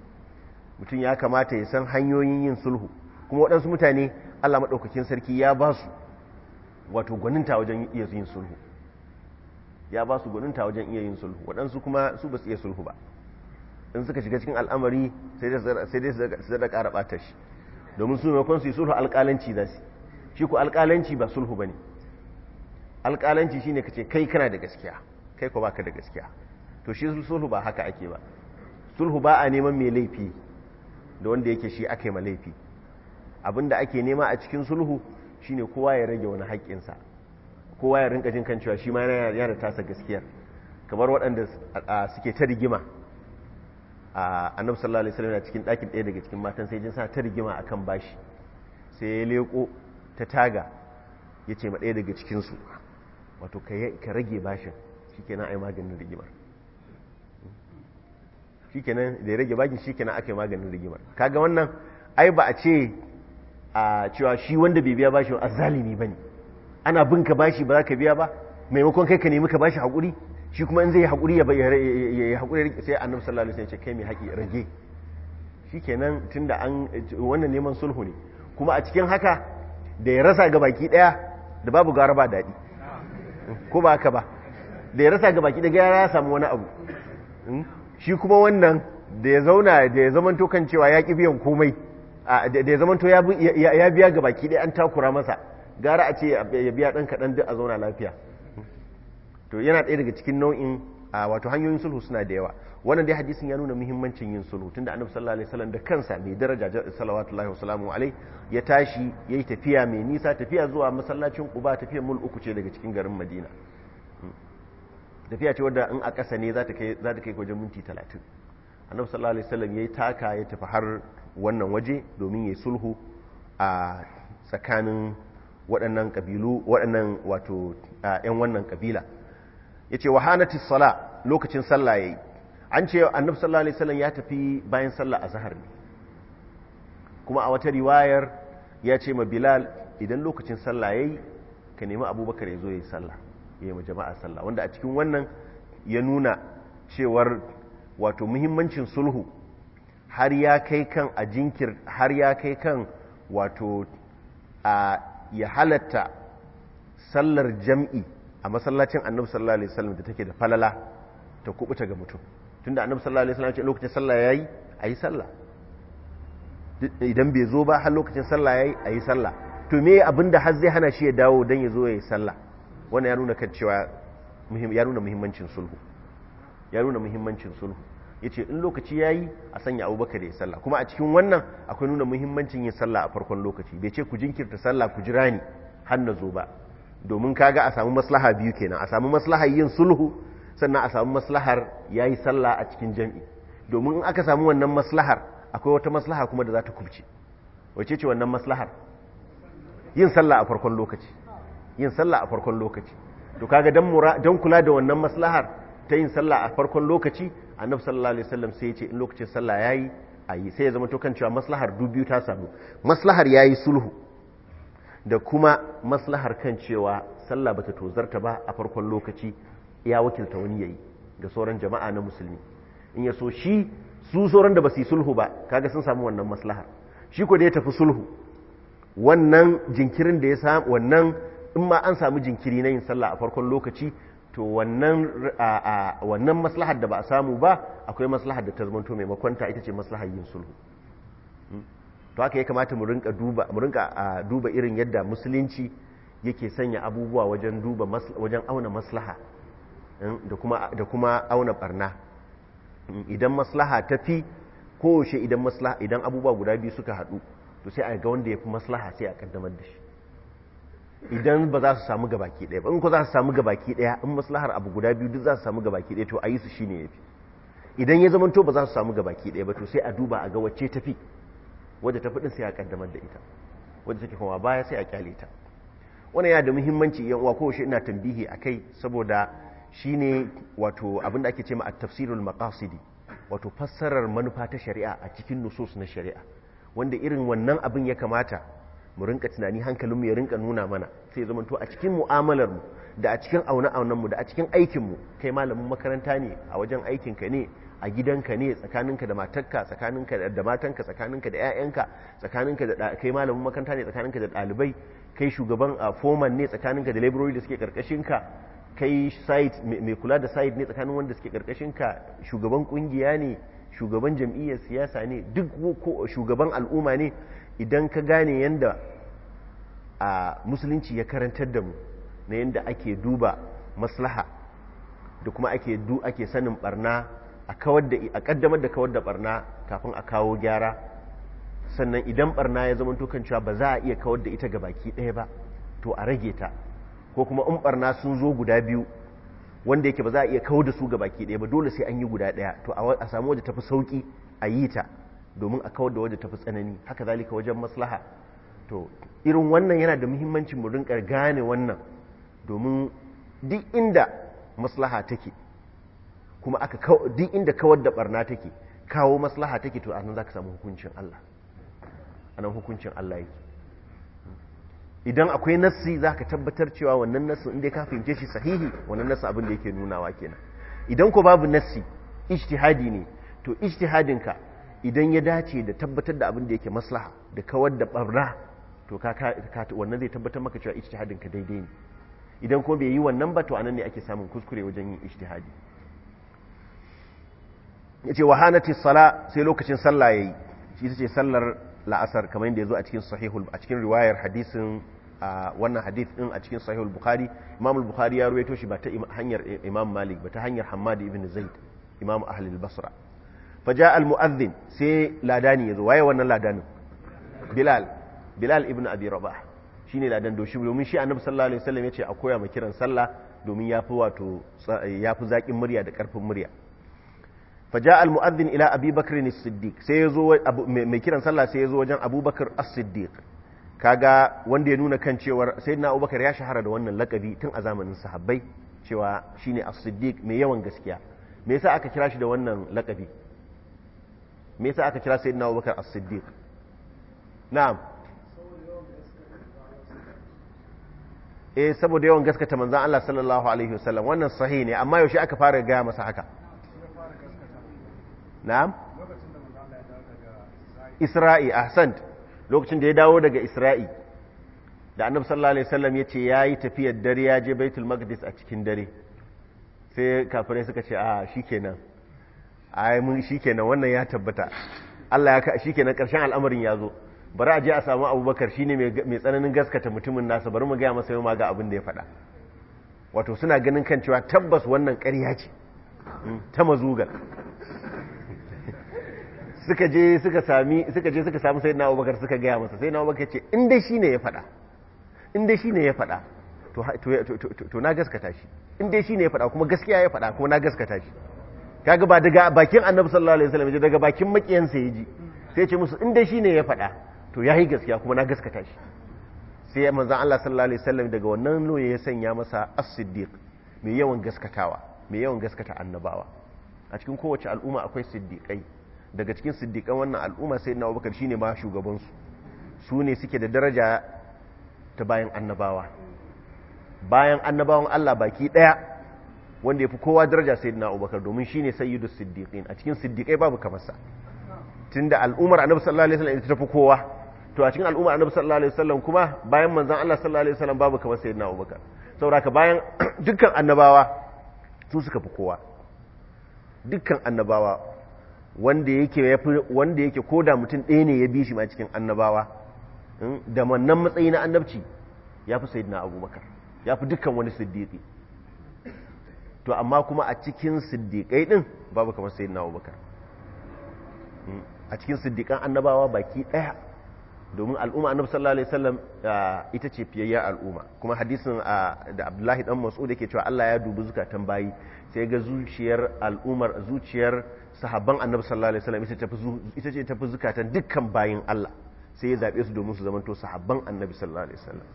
mutum ya kamata ya san hanyoyin yin sulhu kuma waɗansu mutane Allah maɗaukakin sarki ya ba su wato gwaninta wajen iya yin sulhu ya ba su gwaninta wajen iya yin sulhu waɗansu kuma su ba su iya sulhu ba in suka shiga cikin al'amari sai dai su zaɗa ƙara ɓata shi domin su maimakon su yi sulhu alƙalanci za su shi ku alƙalanci ba sulhu ba ne alƙalanci shi ne ka ce kai kana da gaskiya kai ku baka da gaskiya to shi sulhu ba haka ake ba sulhu ba a neman mai laifi da wanda yake shi aka yi ma laifi abinda ake nema a cikin sulhu shine kowa ya rage wani haƙƙinsa kowa ya rinka jin kan cewa shi ma yana da tasa gaskiyar kamar waɗanda suke ta rigima annabi sallallahu alaihi wasallam cikin ɗakin ɗaya daga cikin matan sai jin sa ta rigima akan bashi sai ya leko ta taga ya ce maɗaya daga cikinsu wato ka rage bashin shi kenan a yi maganin rigimar shi kenan da ya rage bashin shi kenan aka yi maganin rigimar kaga wannan ai ba a ce a cewa shi wanda bai biya bashin a zalimi ba ne ana bin ka bashi ba za ka biya ba maimakon kai ka nemi ka bashi haƙuri shi kuma in zai yi haƙuri ya yi haƙuri sai annabi sallallahu alaihi wasallam ya ce kai mai haƙi rage shi kenan tunda an wannan neman sulhu ne kuma a cikin haka da ya rasa ga baki daya da babu gara ba daɗi ko ba haka ba da ya rasa ga baki daya ya samu wani abu hmm? shi kuma wannan da ya zauna da ya zamanto kan cewa ya ƙi biyan komai da ya to ya biya ga baki daya an takura masa gara a ce ya biya ɗan kaɗan duk a zauna lafiya hmm? to yana ɗaya daga cikin nau'in wato hanyoyin sulhu suna da yawa wannan dai hadisin ya nuna muhimmancin yin sulhu tunda annabi sallallahu alaihi wasallam da kansa mai daraja salawatullahi wa salamu alai ya tashi yayi tafiya mai nisa tafiya zuwa masallacin Quba tafiya mul uku ce daga cikin garin Madina hmm. tafiya ce wadda in a ƙasa ne za ta kai za ta kai wajen minti 30 annabi sallallahu alaihi wasallam yayi taka ya tafi har wannan waje domin yayi sulhu a tsakanin waɗannan kabilu waɗannan wato 'yan wannan kabila ya ce wahanati sala lokacin sallah yayi an ce annabi sallallahu alaihi wasallam ya tafi bayan sallah a zahar ne kuma a wata riwayar ya ce ma bilal idan lokacin sallah yayi ka nemi abubakar ya zo ya yi sallah ya yi jama'a sallah wanda a cikin wannan ya nuna cewar wato muhimmancin sulhu har ya kai kan a jinkir har ya kai kan wato a ya halatta sallar jam'i a masallacin annabi sallallahu alaihi wasallam da take da falala ta kubuta ga mutum tunda annabi sallallahu alaihi wasallam ce lokacin sallah yayi ayi sallah idan bai zo ba har lokacin sallah yayi ayi sallah to me abinda har zai hana shi ya dawo dan ya zo yayi sallah wannan ya nuna kan cewa ya nuna muhimmancin sulhu ya nuna muhimmancin sulhu yace in lokaci yayi a sanya Abubakar ya sallah kuma a cikin wannan akwai nuna muhimmancin yin sallah a farkon lokaci bai ce ku jinkirta sallah ku jira ni har na zo ba domin kaga a samu maslaha biyu kenan a samu maslahar yin sulhu sannan a samu maslahar yayi sallah a cikin jami'i domin in aka samu wannan maslahar akwai wata maslaha kuma da za ta kubce wace ce wannan maslahar yin sallah a farkon lokaci yin sallah a farkon lokaci to kaga dan mura dan kula da wannan maslahar ta yin sallah a farkon lokaci annabi sallallahu alaihi wasallam sai ya ce in lokacin sallah yayi ayi sai ya zama to kan cewa maslahar dubiyu ta samu maslahar yayi sulhu da kuma maslahar kan cewa sallah bata tozarta ba a farkon lokaci ya wakilta wani yayi ga sauran jama'a na musulmi in ya so shi su sauran da ba su yi sulhu ba kaga sun samu wannan maslahar shi ko da ya tafi sulhu wannan jinkirin da ya samu wannan in ma an samu jinkiri na yin sallah a farkon lokaci to wannan wannan maslahar da ba a samu ba akwai maslahar da ta zama to maimakon ta ita ce maslahar yin sulhu to haka ya kamata mu rinka duba irin yadda musulunci yake sanya abubuwa wajen duba wajen auna maslaha hmm, da kuma auna barna hmm, idan maslaha ta fi kowace idan maslaha idan abubuwa guda biyu suka haɗu to sai a ga wanda ya fi maslaha sai a kaddamar da shi idan ba za su samu gabaki ɗaya ba in ko za su samu gabaki ɗaya in maslahar abu guda biyu duk za su samu gabaki ɗaya to a yi su shine fi idan ya zama to ba za su samu gabaki ɗaya ba to sai a duba a ga wacce tafi wadda ta fudin sai a kaddamar da ita wadda take kuma baya sai a kyale ta wannan yana da muhimmanci yan uwa ko ina tambihi a kai saboda shine wato abin da ake cewa at-tafsirul makasidi wato fassarar manufa ta shari'a a cikin nusus na shari'a wanda irin wannan abin ya kamata mu rinka tunani hankalinmu ya rinka nuna mana sai zama to a cikin mu'amalar mu da a cikin aune mu da a cikin mu kai malamin makaranta ne a wajen aikinka ne a gidanka ne tsakaninka da matanka tsakaninka da matanka tsakaninka da 'ya'yanka tsakaninka da kai malamin makanta ne tsakaninka da ɗalibai kai shugaban a foman ne tsakaninka da laborori da suke karkashinka kai site mai kula da site ne tsakanin wanda suke karkashinka shugaban kungiya ne shugaban jam'iyyar siyasa ne duk ko shugaban al'umma ne idan ka gane yanda a musulunci ya karantar da mu na yanda ake duba maslaha da kuma ake du ake sanin barna a kaddamar da kawar da barna kafin a kawo gyara sannan idan barna ya zama tukan cewa ba za a iya kawar da ita ga baki ɗaya ba to a rage ta ko kuma in barna sun zo guda biyu wanda yake ba za a iya kawar da su ga baki ɗaya ba dole sai an yi guda ɗaya to a samu waje tafi sauki a yi ta domin a kawar da waje tafi tsanani haka zalika wajen maslaha to irin wannan yana da muhimmancin mu rinka gane wannan domin duk inda maslaha take kuma aka duk inda kawar da barna take kawo maslaha take to anan zaka samu hukuncin Allah anan hukuncin Allah yake idan akwai nassi zaka tabbatar cewa wannan nassin inda ka fahimce shi sahihi wannan nassi abin da yake nunawa kenan idan ko babu nassi ijtihadi ne to ijtihadin ka idan ya dace da tabbatar da abin da yake maslaha da kawar da barna to ka wannan zai tabbatar maka cewa ijtihadin ka daidai ne idan ko bai yi wannan ba to anan ne ake samun kuskure wajen yin ijtihadi ya ce hana tisala sai lokacin sallah ya yi shi ta ce sallar la'asar kamar yadda ya zo a cikin sahihul a cikin riwayar hadisin a wannan hadith din a cikin sahihul bukhari imam bukhari ya ruwaito shi ba ta hanyar imam malik ba ta hanyar hammad ibn zaid imam ahli basra basra ja al-mu'adhdhin sai ladani yazo waye wannan ladanin bilal bilal ibn abi rabah shine ladan doshi domin shi annabi sallallahu alaihi wasallam yace a koya ma kiran sallah domin yafi wato yafi zakin murya da karfin murya faja al-mu'adhdhin ila abi bakr siddiq sai yazo mai kiran sallah sai yazo wajen abubakar as-siddiq kaga wanda ya nuna kan cewar sayyidina abubakar ya shahara da wannan lakabi tun a zamanin sahabbai cewa shine as-siddiq mai yawan gaskiya me yasa aka kira shi da wannan lakabi me yasa aka kira sayyidina abubakar as-siddiq na'am eh saboda yawan gaskata manzon Allah sallallahu alaihi wasallam wannan sahihi ne amma yaushe aka fara ga masa haka na'am isra'i ahsant lokacin da ya dawo daga isra'i da annabi sallallahu alaihi wasallam yace yayi tafiyar dare ya je baitul maqdis a cikin dare sai kafirai suka ce a shikenan ai mun shikenan wannan ya tabbata Allah ya ka shikenan karshen al'amarin ya zo bari a je a samu abubakar shine mai tsananin gaskata mutumin nasa bari mu gaya masa yau ma ga abin da ya faɗa wato suna ganin kan cewa tabbas wannan ƙarya ce hmm, ta mazugar suka je suka sami suka je suka samu sayyidina Abubakar suka gaya masa sayyidina Abubakar ce in dai shine ya faɗa in dai shine ya faɗa to na gaskata shi in dai shine ya faɗa kuma gaskiya ya faɗa kuma na gaskata shi kaga ba daga bakin Annabi sallallahu alaihi wasallam daga bakin makiyansa yaji sai ce musu in dai shine ya faɗa to yayi gaskiya kuma na gaskata shi sai manzon Allah sallallahu alaihi wasallam daga wannan loye ya sanya masa as-siddiq mai yawan gaskatawa mai yawan gaskata annabawa a cikin kowace al'umma akwai siddiqai daga cikin siddiƙan wannan al'umma sai na abubakar ne ma shugabansu su ne suke da daraja ta bayan annabawa bayan annabawan Allah baki ɗaya wanda ya fi kowa daraja sai na abubakar domin ne sayyidu siddiƙin a cikin siddiƙai babu kamarsa tun da al'ummar annabi sallallahu alaihi wasallam ita ta fi kowa to a cikin al'ummar annabi sallallahu alaihi wasallam kuma bayan manzon Allah sallallahu alaihi wasallam babu kamar sayyidina abubakar saboda ka bayan [clears throat] dukkan annabawa su suka fi kowa dukkan annabawa wanda yake wanda yake mutum ɗaya ne ya bi shi ma cikin annabawa hmm, da mannan matsayi na annabci ya fi sayyidina abubakar ya fi dukkan wani siddiƙi, to amma kuma a cikin siddiƙai ɗin babu kamar sayyidina abubakar hmm, a cikin siddiƙan annabawa baki ɗaya domin al'umma annabi sallallahu alaihi wasallam ita ce fiyayyar al'umma kuma hadisin da Abdullahi dan Mas'ud yake cewa Allah ya dubi zukatan bayi sai ga zuciyar al'ummar zuciyar sahabban annabi sallallahu alaihi wasallam ita ce tafi zukatan dukkan bayin Allah sai ya zabe su domin su to sahabban annabi sallallahu alaihi wasallam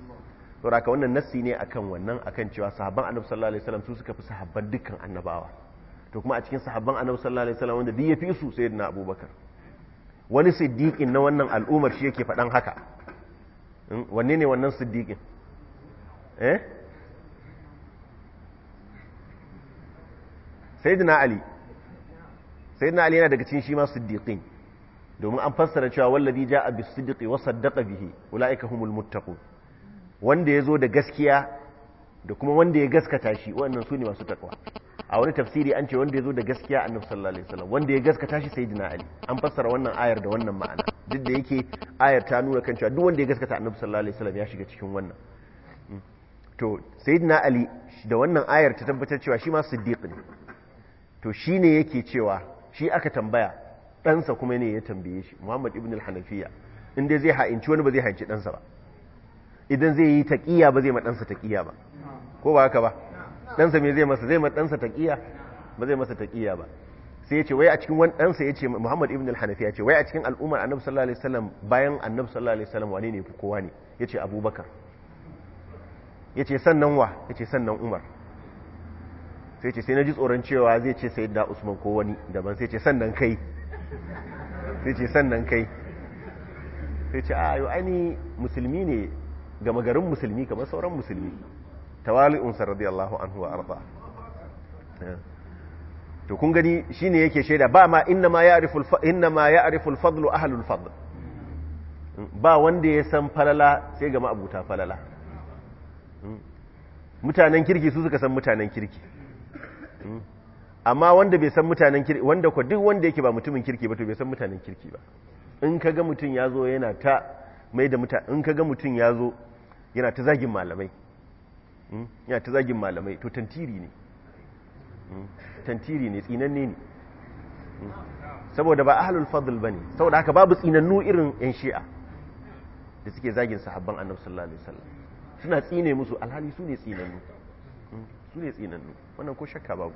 to raka wannan nassi ne akan wannan akan cewa sahabban annabi sallallahu alaihi wasallam su suka fi sahabban dukkan annabawa to kuma a cikin sahabban annabi sallallahu alaihi wasallam wanda duk ya fi su sayyidina abubakar wani siddiqin na wannan al'ummar shi yake faɗan haka hmm, wanne ne wannan siddiqin eh sayyidina ali sai ali yana daga cikin shi ma siddiqin domin an fassara cewa wallazi ja'a bis-sidqi wa saddaqa bihi ulaika humul muttaqun wanda yazo da gaskiya da kuma wanda ya gaskata shi waɗannan su ne masu takwa a wani tafsiri an ce wanda ya zo da gaskiya annabi sallallahu alaihi wasallam wanda ya gaskata shi sayyidina ali an fassara wannan ayar da wannan ma'ana duk da yake ayar ta nuna kan cewa duk wanda ya gaskata annabi sallallahu alaihi wasallam ya shiga cikin wannan hmm. to sayyidina ali da wannan ayar ta tabbatar cewa shi ma siddiq ne to shine yake cewa shi aka tambaya ɗansa kuma ne ya tambaye shi muhammad ibn al-hanafiya inda zai ha'inci wani ba zai ha'inci ɗansa ba idan zai yi taƙiya ba zai maɗansa ɗansa taƙiya ba ko ba haka ba ɗansa me zai masa zai maɗansa ɗansa taƙiya ba zai masa taƙiya ba sai ya ce wai a cikin wani ɗansa ya ce muhammad ibn al hanafiya ce wai a cikin al'ummar annabi sallallahu alaihi wasallam bayan annabi sallallahu alaihi wasallam wani ne kowa ne ya ce abubakar ya ce sannan wa ya ce sannan umar sai ce sai na ji tsoron cewa zai ce da usman ko wani daban sai ce sannan kai sai ce sannan kai sai ce a aini musulmi ne gama garin musulmi kamar sauran musulmi tawali'unsa radiyallahu anhu wa arba eh. to kun gani shi ne yake shaida ba ma inna ma ya inna ma ya'riful fadlu ahlul fadl hmm, ba wanda ya san falala sai ga ma'abuta falala hmm. mutanen kirki su suka san mutanen kirki amma wanda bai san mutanen kirki wanda kwa duk wanda yake ba mutumin kirki ba to bai san mutanen kirki ba in kaga mutum yazo yana ta mai da mutane in kaga mutum yazo yana ta zagin malamai hmm, yana ta zagin malamai to tantiri ne hmm, tantiri ne tsinanne ne hmm, saboda ba ahlul fadl bane saboda haka babu tsinannu irin yan shi'a da suke zagin sahabban annabi sallallahu alaihi wasallam suna tsine musu alhali su ne tsinannu su ne tsinannu wannan ko shakka babu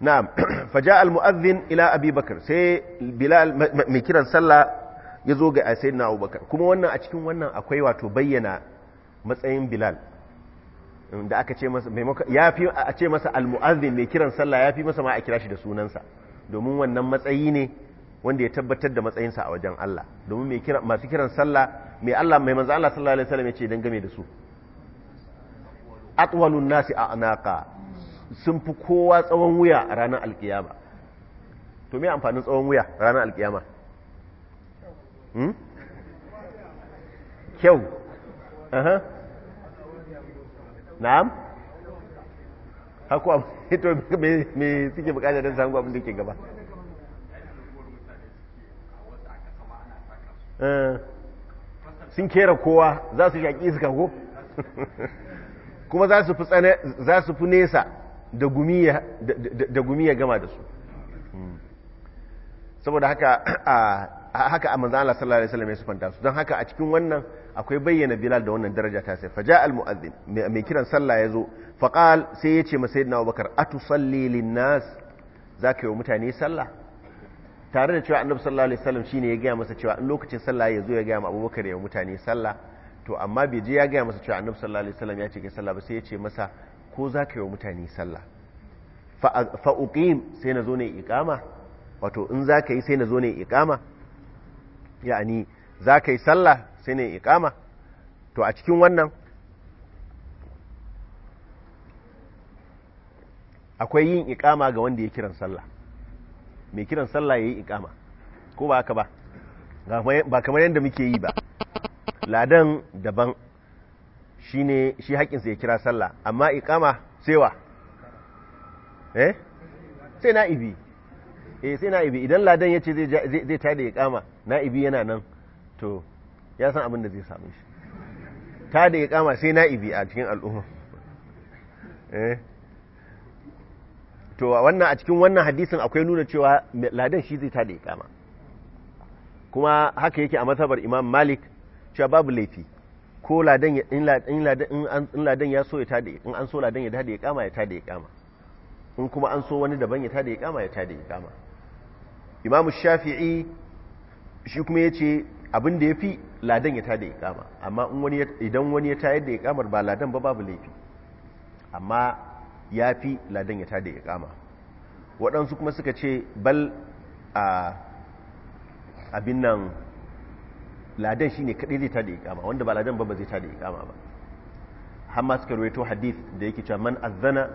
na'am [clears throat] faja al-mu'adhdhin ila abi bakr sai bilal mai kiran sallah yazo ga sayyidina abubakar kuma wannan a cikin wannan akwai wato bayyana matsayin bilal mm, da aka ce masa maimakon yafi a ce masa al-mu'adhdhin mai kiran sallah yafi masa ma a kira shi da sunansa domin wannan matsayi ne wanda ya tabbatar da matsayinsa a wajen Allah domin masu kiran sallah mai Allah mai manzo Allah sallallahu alaihi wasallam ya ce game da su atwalun nasi a anaka sun fi kowa tsawon wuya a ranar alkiyama to me amfanin tsawon wuya ranar alkiyama hmm? kyau na'am am ito [laughs] me suke bukata don samun abin da ke gaba Eh, sun kera kowa za su shaƙi [laughs] su ko kuma za su fi nesa da gumi ya gama da su hmm. saboda haka [clears throat] a manzan Allah sallallahu Alaihi wasallam ya sufanta su don haka a cikin wannan akwai bayyana bilal da wannan daraja ta sai faja al mai kiran sallah ya zo faƙal sai yace ce masayid na abubakar atusalli salli linnas za yi wa mutane sallah tare da cewa annabi sallallahu alaihi wasallam shine ya gaya masa cewa in lokacin sallah ya zo ya gaya ma abubakar ya mutane sallah to amma bai je ya gaya masa cewa annabi sallallahu alaihi wasallam ya ce kai sallah ba sai ya ce masa ko za ka yi wa mutane sallah fa uqim sai na zo ne iqama wato in za ka yi sai na zo ne iqama yani za ka yi sallah sai ne iqama to a cikin wannan akwai yin iqama ga wanda ya kiran sallah mai kiran sallah ya yi ikama ko ba haka ba ba kamar yadda muke yi ba ladan daban shi ne shi haƙinsa ya kira sallah amma ikama sewa eh sai na'ibi eh sai na'ibi idan ladan ya ce zai tada ikama na'ibi yana nan to ya san abin da zai samu shi tada ikama sai na'ibi a cikin al'umma eh to wannan a cikin wannan hadisin akwai nuna cewa ladan shi zai tada ikama kuma haka yake a mazhabar imam malik cewa babu laifi ko ladan in ladan ya so ya tada in an so ladan ya tada ikama ya tada ikama in kuma an so wani daban ya tada ikama ya tada ikama imam shafi'i shi kuma ce abin da fi ladan ya tada ikama amma idan wani ya tayar da ikamar ba ladan ba babu laifi amma ya fi ladan ya tada kama waɗansu kuma suka ce bal a abin nan ladan shi ne kaɗai zai tada kama wanda ba ladan ba ba zai tada kama ba Hama suka ruwaito hadith da yake cewa man azana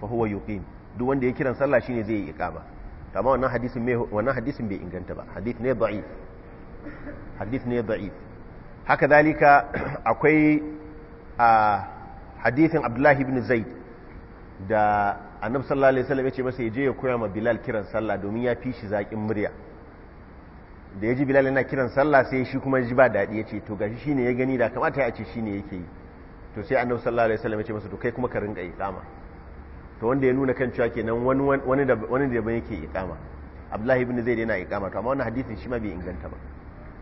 fa huwa yuqim duk wanda ya kiran sallah shine zai yi ikama amma wannan hadisin wannan hadisin bai inganta ba hadith ne da'if hadith ne da'if haka dalika [clears throat] akwai a hadithin abdullahi ibn zaid da annabi sallallahu alaihi wasallam ya ce masa ya je ya koya ma bilal kiran sallah domin ya fi shi zaƙin murya da ya ji bilal yana kiran sallah sai shi kuma ji ba daɗi ya ce to gashi shine ya gani da kamata ya ce shine yake yi to sai annabi sallallahu alaihi wasallam ya ce masa to kai kuma ka rinka iqama to wanda ya nuna kan cewa kenan wani wani da wani da ban yake iqama abdullahi ibn zaid yana iqama to amma wannan hadisin shi ma bai inganta ba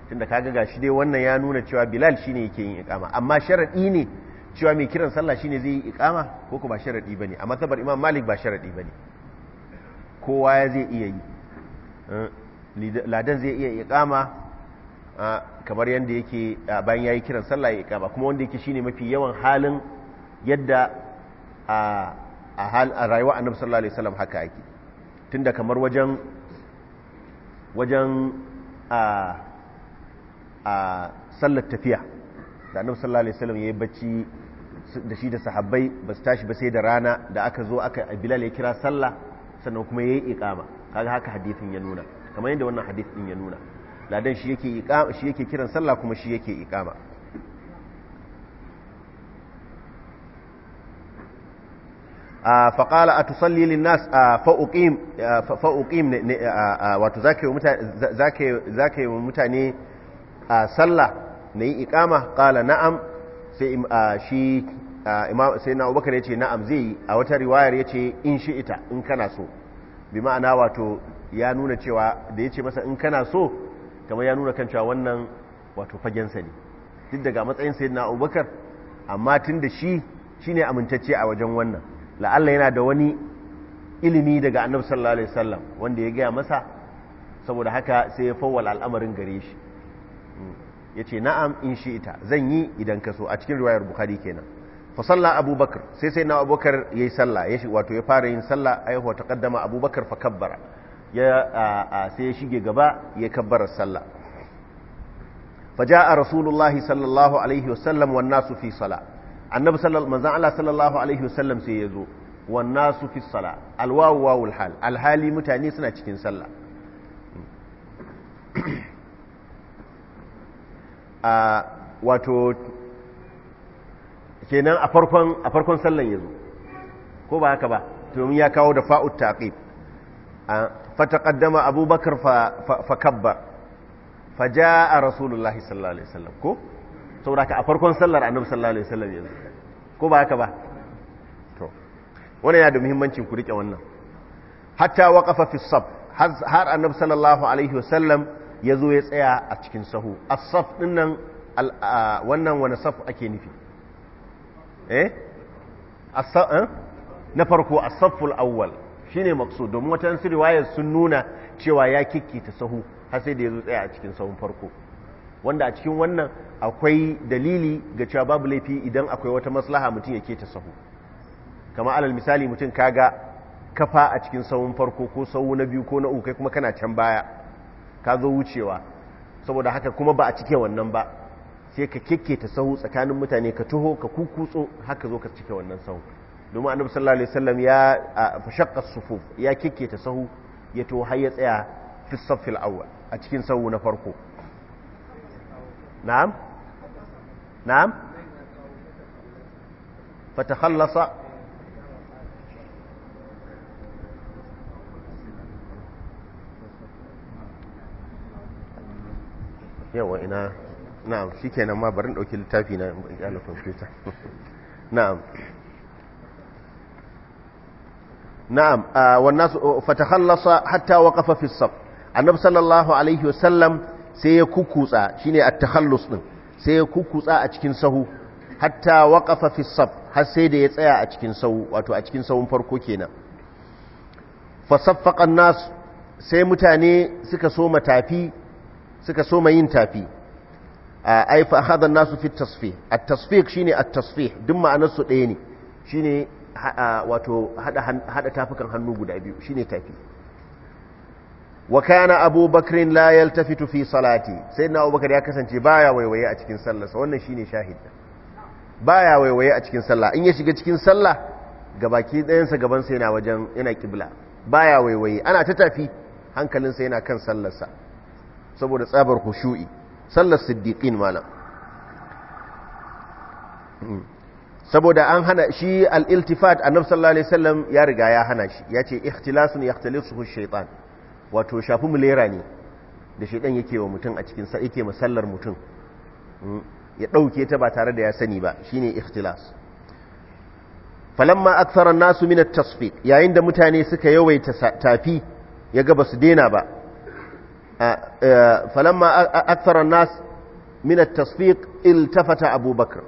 tunda kaga gashi dai wannan ya nuna cewa bilal shine yake yin iqama amma sharadi ne cewa mai kiran sallah shine zai yi ikama ko kuma sharadi bane a matsabar imam malik ba sharadi bane kowa ya zai iya yi eh, ladan zai iya ikama kamar yadda yake bayan yayi kiran sallah ya ikama kuma wanda yake shine mafi yawan halin yadda a a rayuwa annabi sallallahu alaihi wasallam haka yake tunda kamar wajen wajen a sallar tafiya da annabi sallallahu alaihi wasallam yayi bacci da shi da sahabbai ba su tashi ba sai da rana da aka zo aka bilal ya kira sallah sannan kuma ya yi ikama kaga haka hadithin ya nuna kamar yadda wannan hadith din ya nuna ladan shi yake iqama shi yake kiran sallah kuma shi yake lin nas a uqim fa uqim wato za ka yi wa mutane sallah na yi qala na'am sai shi Ah, sai na abubakar ya ce na'am zai yi a wata riwayar ya ce in shi ita in kana so bi ma'ana wato ya nuna cewa da ya ce masa in kana so kamar ya nuna kan cewa wannan wato fagensa ne duk daga matsayin sai na abubakar amma tun da shi shi ne amintacce a wajen wannan la'alla yana da wani ilimi daga annabi sallallahu alaihi wasallam wanda ya gaya masa saboda haka sai ya fawwala al'amarin gare shi hmm. ya na'am in shi ita zan yi idan ka so a cikin riwayar bukhari kenan fasalla abubakar sai sai na abubakar ya yi sallah ya wato ya fara yin sallah a yahuwa ta kaddama abubakar fa kabbara sai ya shige gaba ya kabbara sallah faja a rasulullahi sallallahu alaihi wasallam wan su fi sala annabi manzan Allah sallallahu alaihi wasallam sai ya zo wan su fi sala alwawu wawul hal alhali mutane suna cikin sallah wato kenan a farkon a farkon sallan yazo ko ba haka ba domin ya kawo da fa'ut taqib fa taqaddama abubakar fa fa kabbar fa jaa rasulullahi sallallahu alaihi wasallam ko saboda ka a farkon sallar annabi sallallahu alaihi wasallam yazo ko ba haka ba to wannan yana da muhimmanci ku rike wannan hatta waqafa fi saf har annabi sallallahu alaihi wasallam yazo ya tsaya a cikin sahu as-saf dinnan wannan wani saf ake nufi Eh? eh na farko as-safful awwal shine maksud domin watan su riwayar sun nuna cewa ya ta sahu har sai da ya zo tsaya a cikin sahun farko wanda a cikin wannan akwai dalili ga cewa babu laifi idan akwai wata maslaha mutum ya ta sahu kama alal misali mutum ka ga kafa a cikin sahun farko ko sahu na biyu ko na uku kai kuma kana can baya ka zo wucewa saboda haka kuma ba a cike wannan ba sai ka ta sahu tsakanin mutane ka tuho ka kukutso haka zo ka cike wannan sahu domin annabi sallallahu alaihi wasallam ya fashaqqa sufuf ya ta sahu ya to har ya tsaya fi safil awwal a cikin sahu na farko na'am na'am fatakhallasa yawa ina na'am shikenan ma barin dauki littafi na in ƙyala kwamfuta [laughs] na'am na'am wannan fatakhallasa hatta waƙafa fi saf annabi sallallahu alaihi wasallam sai ya kukutsa shine at-takhallus din sai ya kukutsa a cikin sahu hatta waƙafa fi har sai da ya tsaya a cikin sahu wato a cikin sahun farko kenan fa saffaqa nas sai mutane suka so matafi suka so yin tafi ai fa akhadha an-nasu fi at-tasfih at-tasfih shine at-tasfih duk ma'anar su ɗaya ne shine wato hada tafukan hannu guda biyu shine tafi wa kana abubakar la yaltafitu fi salati sayyidina abubakar ya kasance baya waiwaye a cikin sallarsa wannan shine shahid baya waiwaye a cikin sallah in ya shiga cikin sallah gabaki ɗayan sa gaban sa yana wajen yana kibla baya waiwaye ana ta tafi hankalinsa yana kan sallarsa saboda tsabar khushu'i sallar siddiqin malam hmm. saboda an hana shi al-iltifat annabi sallallahu ya riga ya hana shi yace ikhtilasun yakhtalisuhu shaytan wato shafi mulera ne da shaytan yake wa mutum a cikin sa yake masallar mutum hmm. ya ɗauke ta ba tare da ya sani ba shine ikhtilas falamma akthara nasu min at-tasfiq yayin da mutane suka yawaita tafi ya ga basu dena ba falamma aktharan nas min at-tasfiq iltafata abubakar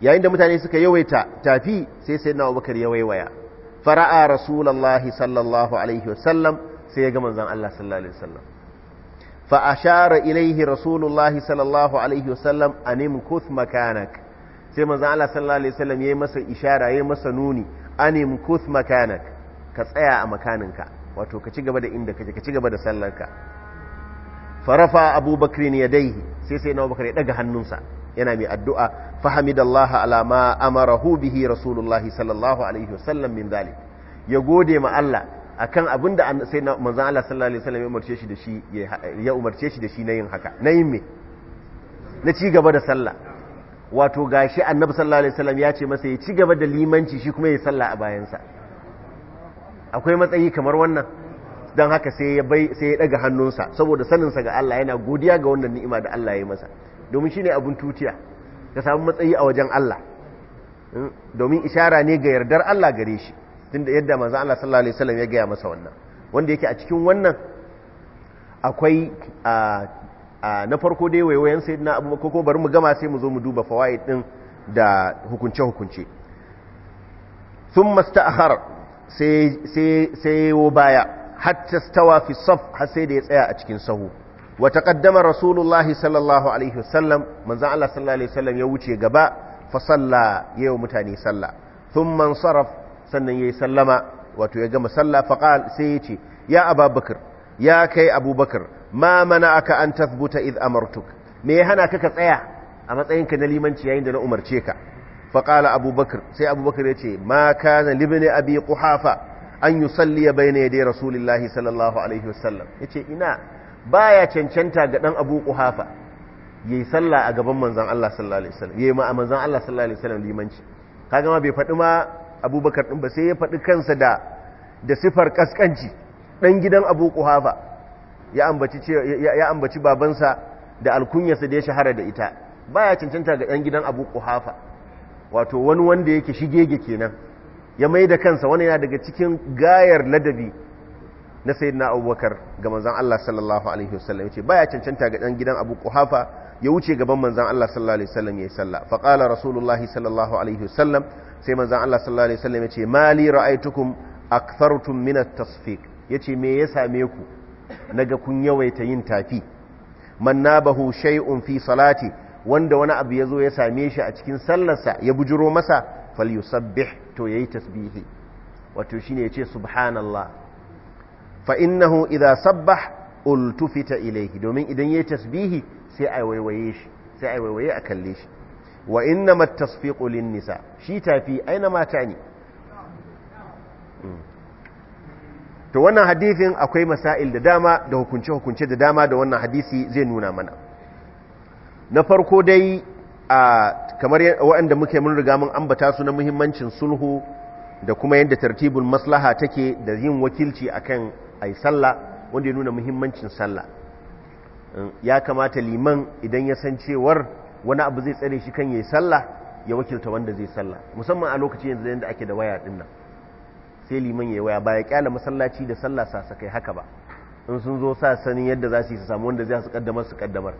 yayin da mutane suka yawaita tafi sai sayyidina abubakar ya waiwaya fara'a rasulullahi sallallahu alaihi wasallam sai ya ga manzon Allah sallallahu alaihi wasallam fa ashara ilaihi rasulullahi sallallahu alaihi wasallam anim kuth makanak sai manzon Allah sallallahu alaihi wasallam yayi masa ishara yayi masa nuni anim kuth makanak ka tsaya a makaninka wato ka ci gaba da inda kaje ka ci gaba da sallarka farafa abubakar ne dai sai sai na abubakar ya daga hannunsa yana mai addu'a fahimidallah alama amarahu bihi rasulullahi sallallahu alaihi wasallam min zali, ya gode ma Allah akan abin da sai manzan Allah sallallahu alaihi wasallam ya umarce shi da shi ya umarce shi da shi na yin haka na yin me na ci gaba da sallah wato gashi annabi sallallahu alaihi wasallam ya ce masa ya ci gaba da limanci shi kuma ya sallah a bayansa akwai matsayi kamar wannan don haka sai ya sai ya daga hannunsa saboda saninsa ga Allah yana godiya ga wannan ni'ima da Allah ya yi masa domin shi ne abun tutiya ka samu matsayi a wajen Allah hmm, domin ishara ne ga yardar Allah gare shi tunda yadda manzo Allah sallallahu alaihi wasallam ya gaya masa wannan wanda yake a cikin wannan akwai na farko dai waiwayen sayyidina Abu Bakar ko bari mu gama sai mu zo mu duba fawaid din da hukunce hukunce thumma sta'khara sai sai sai baya hatta stawa fi saf har sai da ya tsaya a cikin sahu wa taqaddama rasulullahi sallallahu alaihi wasallam manzon Allah sallallahu alaihi wasallam ya wuce gaba fa salla yayin mutane salla thumma saraf sannan yayi sallama wato ya gama salla fa qal sai ya ce ya abubakar ya kai abubakar ma mana'aka an tathbuta id amartuk me ya hana ka ka tsaya a matsayinka na limanci yayin da na umarce ka fa qala abubakar sai abubakar ya ce ma kana libni abi quhafa an yi salliya bai na yadda rasulullahi sallallahu alaihi wasallam ya ce ina ba ya cancanta ga ɗan abu ƙuhafa ya yi salla a gaban manzan Allah sallallahu alaihi wasallam ya yi ma'a manzan Allah sallallahu alaihi wasallam limanci ka gama bai faɗi ma abubakar ɗin ba sai ya faɗi kansa da da sifar ƙasƙanci ɗan gidan abu ƙuhafa ya ambaci babansa da alkunyarsa da ya shahara da ita ba ya cancanta ga ɗan gidan abu ƙuhafa wato wani wanda yake shigege kenan ya mai da kansa wani yana daga cikin gayar ladabi na sayyidina abubakar ga manzan Allah sallallahu alaihi wasallam yace baya cancanta ga ɗan gidan Abu Quhafa ya wuce gaban manzan Allah sallallahu alaihi wasallam yayi sallah fa qala rasulullah sallallahu alaihi wasallam sai manzan Allah sallallahu alaihi wasallam yace mali ra'aitukum akthartum min at-tasfiq yace me ya same ku naga kun yawaita yin tafi mannabahu shay'un fi salati wanda wani abu yazo ya same shi a cikin sallarsa ya bujuro masa falyusabbih to yayi tasbihi wato shine yace subhanallah fa innahu idza sabbah ultufita ilayhi domin idan yayi tasbihi sai ai waiwaye shi sai ai waiwaye a kalle shi wa innamat tasfiqu lin nisa shi tafi aina mata ne to wannan hadisin akwai masail da dama da hukunce-hukunce da dama da wannan hadisi zai nuna mana na farko dai a kamar waɗanda muke mun riga mun ambata su na muhimmancin sulhu da kuma yadda tartibul maslaha take da yin wakilci akan ai sallah wanda ya nuna muhimmancin sallah mm, ya kamata liman idan ya san cewar wani abu zai tsare shi kan yayi sallah ya wakilta wanda zai sallah musamman a lokacin yanzu da ake da waya dinnan sai liman yayi waya ba ya kyala masallaci da sallah kai haka ba in sun zo sa sanin yadda za su yi su samu wanda zai su kaddamar su kaddamar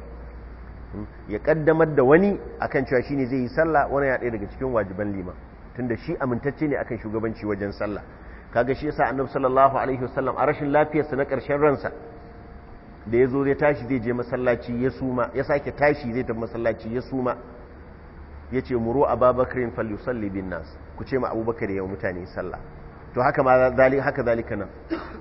ya kaddamar da wani akan cewa shi ne zai yi sallah wani ya ɗaya daga cikin wajiban liman tunda shi amintacce ne akan shugabanci wajen sallah kaga shi yasa annabi sallallahu alaihi wasallam a rashin lafiyarsa na ƙarshen ransa da ya zo zai tashi zai je masallaci ya suma ya sake tashi zai tafi masallaci ya suma ya ce muru ababakarin falyusalli bin nas ku ce ma abubakar ya mutane sallah to haka ma haka zalika nan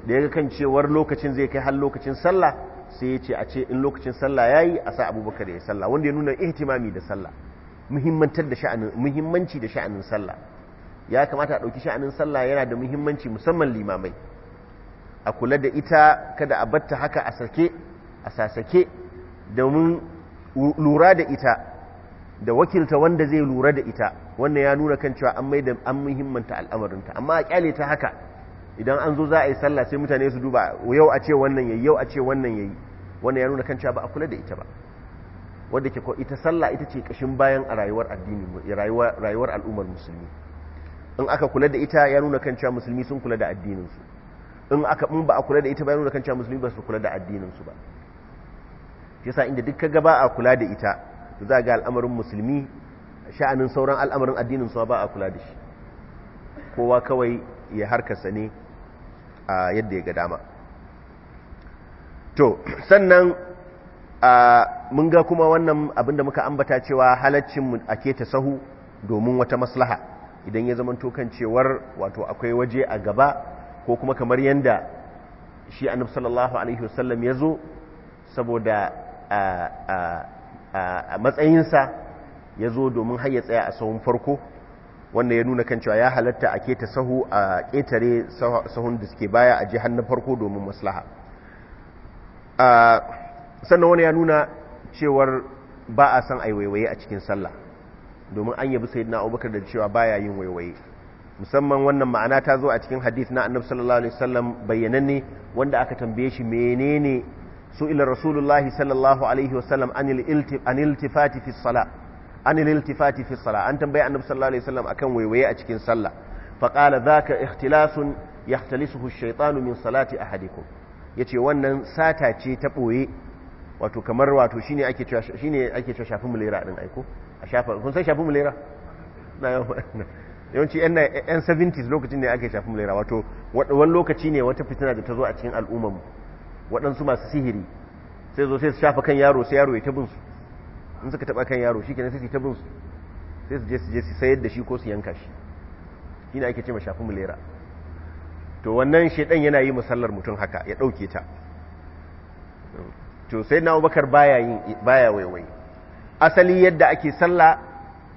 da ya ga kan cewar lokacin zai kai har lokacin sallah sai ya ce a ce in lokacin sallah ya yi a sa abubakar ya yi sallah wanda ya nuna ihtimami da sallah muhimmanci da sha'anin sallah ya kamata a ɗauki sha'anin sallah yana da muhimmanci musamman limamai a kula da ita kada a batta haka a sake a sasake domin lura da ita da wakilta wanda zai lura da ita wannan ya nuna kan cewa an da an muhimmanta al'amarinta amma a kyale ta haka idan an zo za a yi sallah sai mutane su duba yau a ce wannan yayi yau a ce wannan yayi wannan ya nuna kanta ba a kula da ita ba wadda ke ita sallah ita ce kashin bayan a rayuwar addini rayuwar al'ummar musulmi in aka kula da ita ya nuna kanta musulmi sun kula da addininsu in aka in ba a kula da ita ba ya nuna kanta musulmi ba su kula da addininsu ba shi yasa inda duk kaga ba a kula da ita to za ga al'amarin musulmi sha'anin sauran al'amarin addinin su ba a kula da shi kowa kawai ya harkasa ne a yadda ya ga dama to sannan mun ga kuma wannan abinda muka ambata cewa halaccin ake ta sahu domin wata maslaha idan ya zaman tokan cewar wato akwai waje a gaba ko kuma kamar yadda shi annab sallallahu alaihi wasallam ya zo saboda a matsayinsa ya zo domin har tsaya a sahun farko wanda ya nuna kan cewa ya halatta a keta sahu a ƙetare sahun da suke baya a jihar na farko domin maslaha sannan wani ya nuna cewar ba a san ai waiwaye a cikin sallah domin an yabi sayyidina abubakar da cewa baya yin waiwaye musamman wannan ma'ana ta zo a cikin hadith na annabi sallallahu alaihi wasallam bayyananne wanda aka tambaye shi menene su ila rasulullahi sallallahu alaihi wasallam anil iltifati fi salah an iltifati fi salah an tambaye annabi sallallahu alaihi wasallam akan waiwaye a cikin sallah fa qala dhaka ikhtilasun yahtalisuhu ash-shaytanu min salati ahadikum yace wannan sata ce ta boye wato kamar wato shine ake cewa shine ake cewa shafi mulera din aiko a shafa kun san shafi mulera na [laughs] yawanci yan 70s lokacin ne ake shafi mulera wato wani lokaci ne wata fitina da ta zo a cikin al'ummar waɗansu masu sihiri sai zo sai su shafa kan yaro sai yaro ya ta bin su in suka taba kan yaro kenan sai su ta bin su sai su je su je su sayar da shi ko su yanka shi shi ne ake cewa shafi mulera to wannan shedan yana yi musallar mutum haka ya dauke ta to sai na Abubakar baya yin baya waiwai asali yadda ake sallah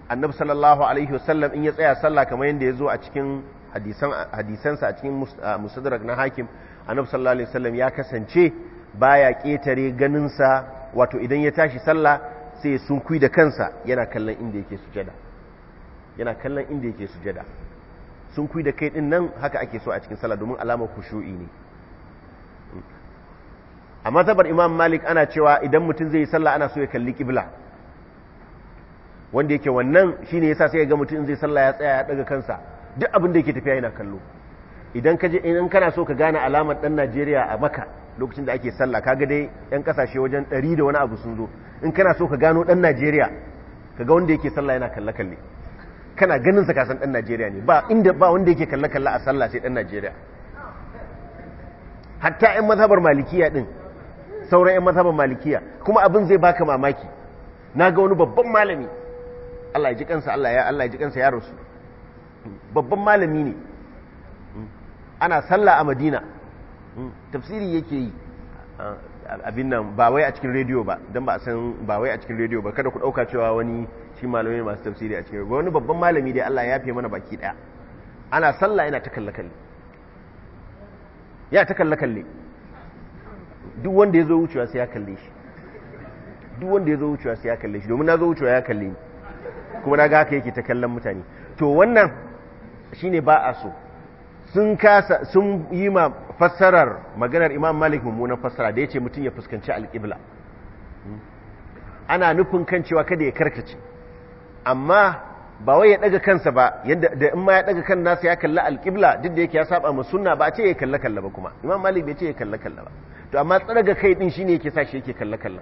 annabi sallallahu alaihi wasallam in ya tsaya sallah kamar yadda ya zo a cikin hadisan hadisansa a cikin musadrak na hakim annabi sallallahu alaihi wasallam ya kasance baya ketare ganinsa wato idan ya tashi sallah sai ya kui da kansa yana kallon inda yake sujada yana kallon inda yake sujada sun kui da kai din nan haka ake so a cikin sallah domin alamar khushu'i ne a mazhabar imam malik ana cewa idan mutum zai yi sallah ana so ya kalli kibla wanda yake wannan shine yasa sai ya ga mutum zai sallah ya tsaya ya daga kansa duk abin da yake tafiya yana kallo idan ka kana so ka gane alamar dan Najeriya a Makka lokacin da ake sallah kaga dai yan kasashe wajen 100 da wani abu sun zo in kana so ka gano dan Najeriya kaga wanda yake sallah yana kalle kalle kana ganin sa kasan dan Najeriya ne ba inda ba wanda yake kalle kalle a sallah sai dan Najeriya hatta yan mazhabar malikiya din sauran yan mazhabar malikiya kuma abin zai baka mamaki naga wani babban malami Allah ya ji kansa Allah ya Allah ya ji kansa ya rasu babban malami ne ana sallah a Madina tafsiri yake yi abin nan ba wai a cikin rediyo ba don ba a san ba wai a cikin rediyo ba kada ku ɗauka cewa wani shi malamai masu tafsiri a cikin rediyo wani babban malami dai Allah ya fiye mana baki ɗaya ana sallah yana ta kalle-kalle ya ta kalle-kalle duk wanda ya zo wucewa sai ya kalle shi duk wanda ya zo wucewa sai ya kalle shi domin na zo wucewa ya kalle ni kuma na ga haka yake ta kallon mutane to wannan shine ba a so sun kasa sun yi ma fassarar maganar imam malik mummunan fassara da ya ce mutum ya fuskanci alƙibla ana nufin kan cewa kada ya karkace amma ba wai ya ɗaga kansa ba yadda da in ma ya ɗaga kan nasa ya kalla alƙibla duk da yake ya saba ma sunna ba a ce ya kalla kalla ba kuma imam malik bai ce ya kalla kalla ba to amma tsaraga kai din shine yake sa shi yake kalla kalla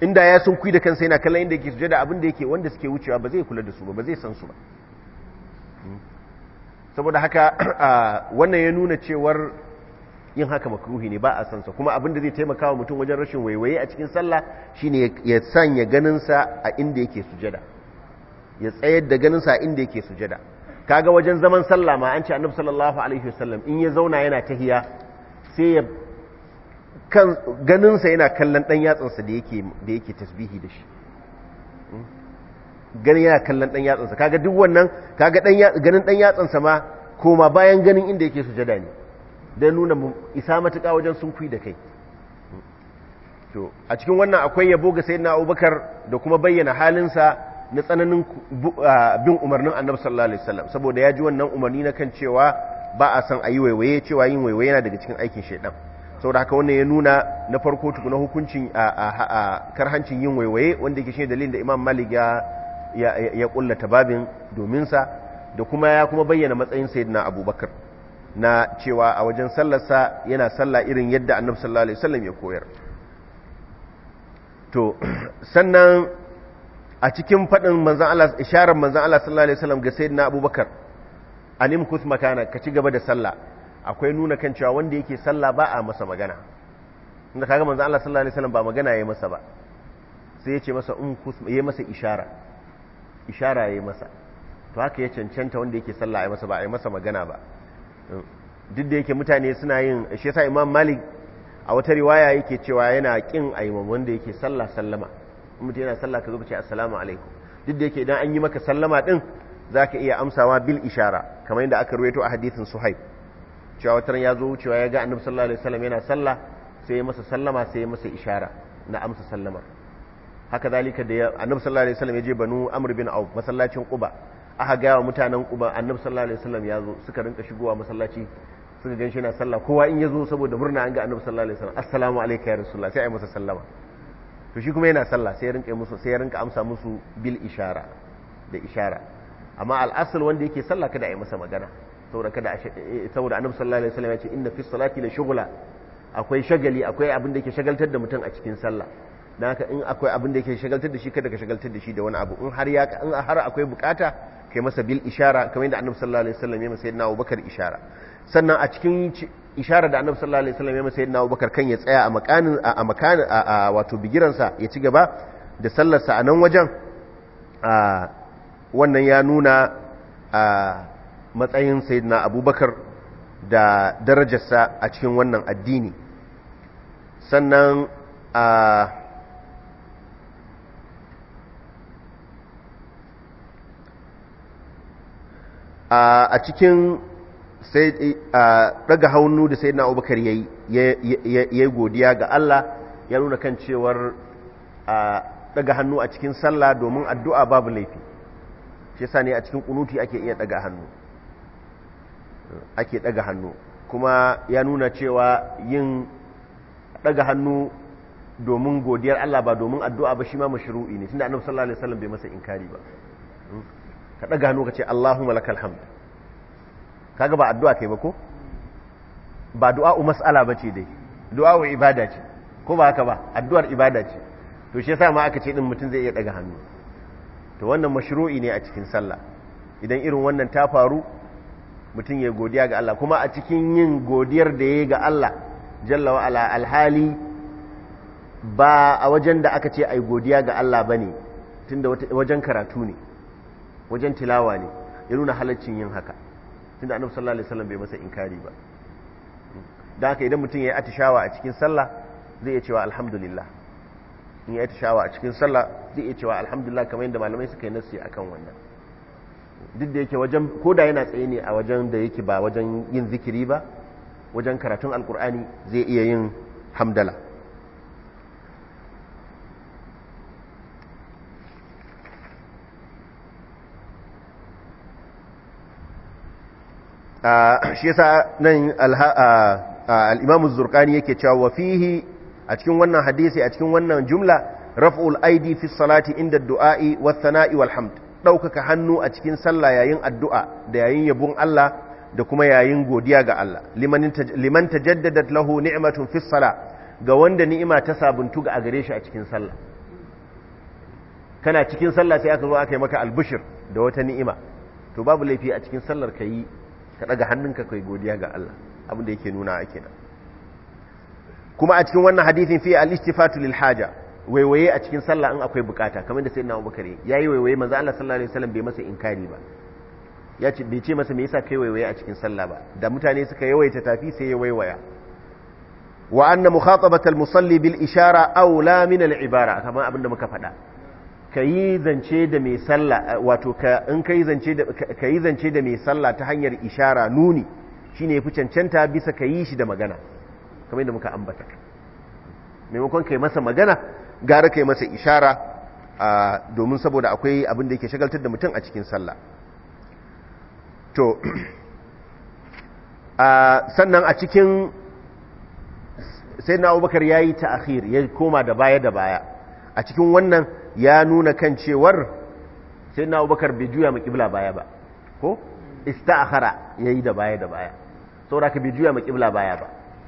inda ya sun kui da kansa yana kallon inda yake sujada abin da yake wanda suke wucewa ba zai kula da su ba ba zai san su ba saboda haka [clears throat] wannan ya nuna cewar yin haka makruhi ne ba a sansa kuma abin da zai taimaka wa mutum wajen rashin waiwaye a cikin sallah shine ya sanya ganinsa a inda yake sujada ya tsayar da ganinsa a inda yake sujada kaga wajen zaman sallah ma an ce annabi sallallahu alaihi wasallam in ya zauna yana tahiya sai ya ganinsa yana kallon dan yatsansa da yake da yake tasbihi da shi hmm? ganin yana kallon dan yatsansa kaga duk wannan kaga dan ganin dan yatsansa ma koma bayan ganin inda yake sujada ne dan nuna isa matuƙa wajen sunkuyi da kai to a cikin wannan akwai yabo ga sayyidina Abubakar da kuma bayyana halinsa na tsananin bin umarnin annabi sallallahu alaihi wasallam saboda ya ji wannan umarni na kan cewa ba a san ayi waiwaye cewa yin waiwaye yana daga cikin aikin shaidan saboda haka wannan ya nuna na farko tukuna hukuncin a karhancin yin waiwaye wanda ke shi dalilin da Imam Malik ya ya kullata babin dominsa da kuma ya kuma bayyana matsayin sayyidina abubakar na cewa a wajen sallarsa yana sallah irin yadda annabi sallallahu alaihi wasallam ya koyar to [clears throat] sannan a cikin fadin manzon Allah isharar manzan Allah sallallahu alaihi wasallam ga sayyidina abubakar anim kus makana ka ci gaba da sallah akwai nuna kan cewa wanda yake sallah ba a masa magana inda kaga manzan Allah sallallahu alaihi wasallam ba magana yayi masa ba sai ya ce masa um kus yayi masa ishara ishara ya masa to haka ya cancanta wanda yake sallah ya masa ba a masa magana ba duk da yake mutane suna yin shi yasa imam malik a wata riwaya yake cewa yana kin aimam wanda yake sallah sallama mutum yana sallah ka zo ka ce assalamu alaikum duk da yake idan an yi maka sallama din zaka iya amsawa bil ishara kamar yadda aka ruwaito a hadisin suhaib cewa wata ran ya zo wucewa ya ga annabi sallallahu alaihi wasallam yana sallah sai ya masa sallama sai ya masa ishara na amsa sallama haka zalika da annabi sallallahu alaihi wasallam ya je banu amr bin auf masallacin quba aka ga mutanen quba annabi sallallahu alaihi wasallam ya zo suka rinka shigowa masallaci suka ganshi yana sallah kowa in ya zo saboda murna an ga annabi sallallahu alaihi wasallam assalamu alayka ya rasulullah sai ai masa sallama to shi kuma yana sallah sai ya rinka musu sai ya rinka amsa musu bil ishara da ishara amma al'asal wanda yake sallah kada ai masa magana saboda kada eh, saboda annabi sallallahu alaihi wasallam ya ce inna fi salati la shughla akwai shagali akwai abin da yake shagaltar da mutum a cikin sallah Na ka in akwai abin da yake shagaltar da shi kada ka shagaltar da shi da wani abu in har ya in har akwai bukata kai masa bil ishara kamar yadda annabi sallallahu alaihi wasallam ya masa sayyidina Abubakar ishara sannan a cikin ishara da annabi sallallahu alaihi wasallam ya masa sayyidina Abubakar kan ya tsaya a makanin a makanin a wato bigiransa ya ci gaba da sallarsa a nan wajen a wannan ya nuna a matsayin sayyidina Abubakar da darajarsa a cikin wannan addini sannan a a cikin daga haunu da na abubakar ya yi godiya ga Allah ya nuna kan cewar daga hannu a cikin sallah domin addu'a babu laifi shi yasa ne a cikin kunuti ake iya daga hannu ake daga hannu kuma ya nuna cewa yin daga hannu domin godiyar Allah ba domin addu'a ba shi ma mashiru'i ne tunda annabu sallallahu alaihi wasallam bai masa inkari ba hmm? ka ɗaga hannu ka ce Allahumma lakal hamd kaga ba addu'a kai ba ko ba du'a'u mas'ala bace dai du'a'u ibada ce ko ba haka ba addu'ar ibada ce to shi yasa ma aka ce din mutum zai iya ɗaga hannu to wannan mashru'i ne a cikin sallah idan irin wannan ta faru mutum ya godiya ga Allah kuma a cikin yin godiyar da yayi ga Allah jalla wa ala alhali ba a wajen da aka ce ai godiya ga Allah bane tunda wajen karatu ne wajen tilawa ne ya nuna halaccin yin haka da annabi sallallahu alaihi wasallam bai masa inkari ba da haka idan mutum ya yi atishawa a cikin sallah zai iya cewa alhamdulillah in ya yi atishawa a cikin sallah zai iya cewa alhamdulillah kamar yadda malamai suka yi nassi akan wannan duk da yake wajen ko da yana tsaye ne a wajen da yake ba wajen yin zikiri ba wajen karatun alkur'ani zai iya yin hamdala shi yasa nan al zurkani yake cewa wa fihi a cikin wannan hadisi a cikin wannan jumla raf'ul aidi fi salati inda du'a'i was sana'i wal hamd daukaka hannu a cikin sallah yayin addu'a da yayin yabon Allah da kuma yayin godiya ga Allah liman tajaddadat lahu ni'matun fi sala ga wanda ni'ima ta sabuntu ga gare shi a cikin sallah kana cikin sallah sai aka zo aka yi maka albushir da wata ni'ima to babu laifi a cikin sallar ka yi ka daga hannunka kai godiya ga Allah abinda yake nuna a kenan kuma a cikin wannan hadithin fi al-istifatu lil haja waiwaye a cikin sallah an akwai bukata kamar da sayyidina Abubakar yayi waiwaye manzo Allah sallallahu alaihi wasallam bai masa inkari ba ya ce bai ce masa me yasa kai waiwaye a cikin sallah ba da mutane suka yawaita tafi sai ya waiwaya wa anna mukhatabata al-musalli bil ishara la min al-ibara kamar abinda muka faɗa ka yi zance da mai sallah eh, wato ka yi zance da mai sallah ta hanyar ishara nuni shine yafi cancanta bisa ka yi shi da magana kamar yadda muka ambata maimakon ka yi masa magana gara ka yi masa ishara domin saboda akwai abin da yake shagaltar da mutum a cikin sallah to [clears throat] sannan a cikin sai na abubakar ya yi ta'akhir ya koma da baya da baya a cikin wannan ya nuna kan cewar sai na abubakar bai juya maƙibla baya ba ko Ista-Akara ya yi da baya da baya Sa'ura ka bai juya maƙibla baya ba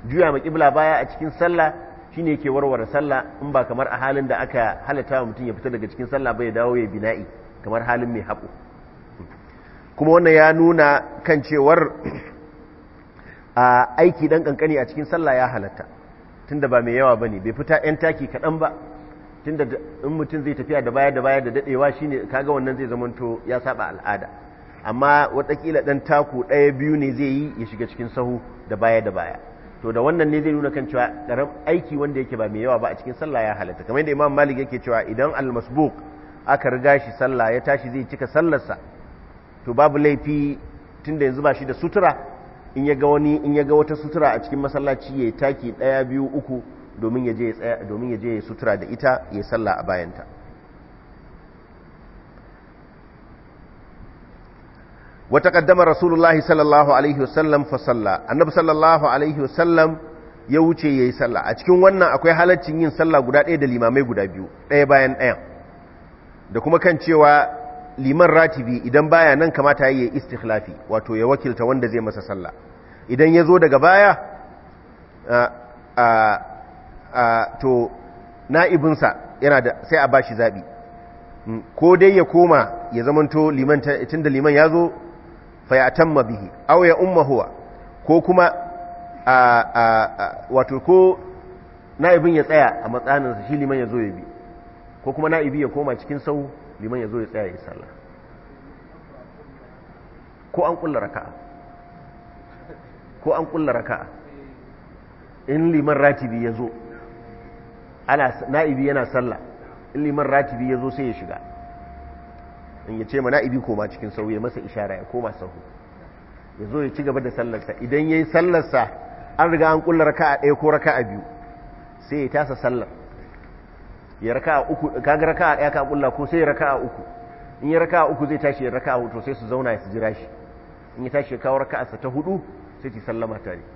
juya maƙibla baya a cikin sallah ne ke warware sallah in ba kamar a halin da aka halatta wa mutum ya fita daga cikin sallah bai dawo ya bina'i kamar halin mai haɓo kuma wannan ya nuna kan cewar a aiki ɗan ƙanƙani a cikin sallah ya halatta tunda ba mai yawa ba ne. bai fita yan taki kaɗan ba tunda in mutum zai tafiya da baya da baya da dadewa shine kaga wannan zai zamanto ya saba al'ada amma watakila dan taku daya biyu ne zai yi ya shiga cikin sahu da baya da baya to da wannan ne zai nuna kan cewa karam aiki wanda yake ba mai yawa ba a cikin sallah ya halatta kamar yadda imam malik yake cewa idan al-masbuq aka riga shi sallah ya tashi zai cika sallarsa to babu laifi tunda yanzu ba shi da sutura in ya ga wani in ya ga wata sutura a cikin masallaci yayi taki daya biyu uku domin ya je ya sutura da ita ya salla a bayanta wata taqaddama rasulullahi sallallahu alaihi wasallam fa salla annabi sallallahu alaihi wasallam ya wuce yayi salla a cikin wannan akwai halaccin yin salla guda ɗaya da limamai guda biyu ɗaya bayan ɗaya da kuma kan cewa liman ratibi idan baya nan kamata ya yi istikhlafi wato ya wakilta wanda zai masa salla idan ya zo daga baya to na'ibinsa yana da sai a bashi zaɓi mm, ko dai ya koma ya zamanto liman tun da liman ya zo fayatan tamma bihi, ya umma huwa ko kuma wato ko na'ibin ya tsaya a matsaninsa shi liman ya zo ya bi ko kuma na'ibi ya koma cikin sau liman ya zo ya tsaya ya sallah ko an kulla raka'a ko an kulla raka'a in liman ratibi ya zo ana na'ibi yana sallah in liman ratibi ya zo sai ya shiga in ya ce ma na'ibi koma cikin sauyi ya masa ishara ya koma sahu ya zo ya ci gaba da sallarsa idan ya yi sallarsa an riga an ka a ɗaya ko a biyu sai ya tasa sallar ya raka a uku kaga a ɗaya ka kulla ko sai ya raka a uku in ya raka a uku zai tashi ya raka a hudu sai su zauna ya su jira shi in ya tashi ya kawo sa ta hudu sai ta sallama tare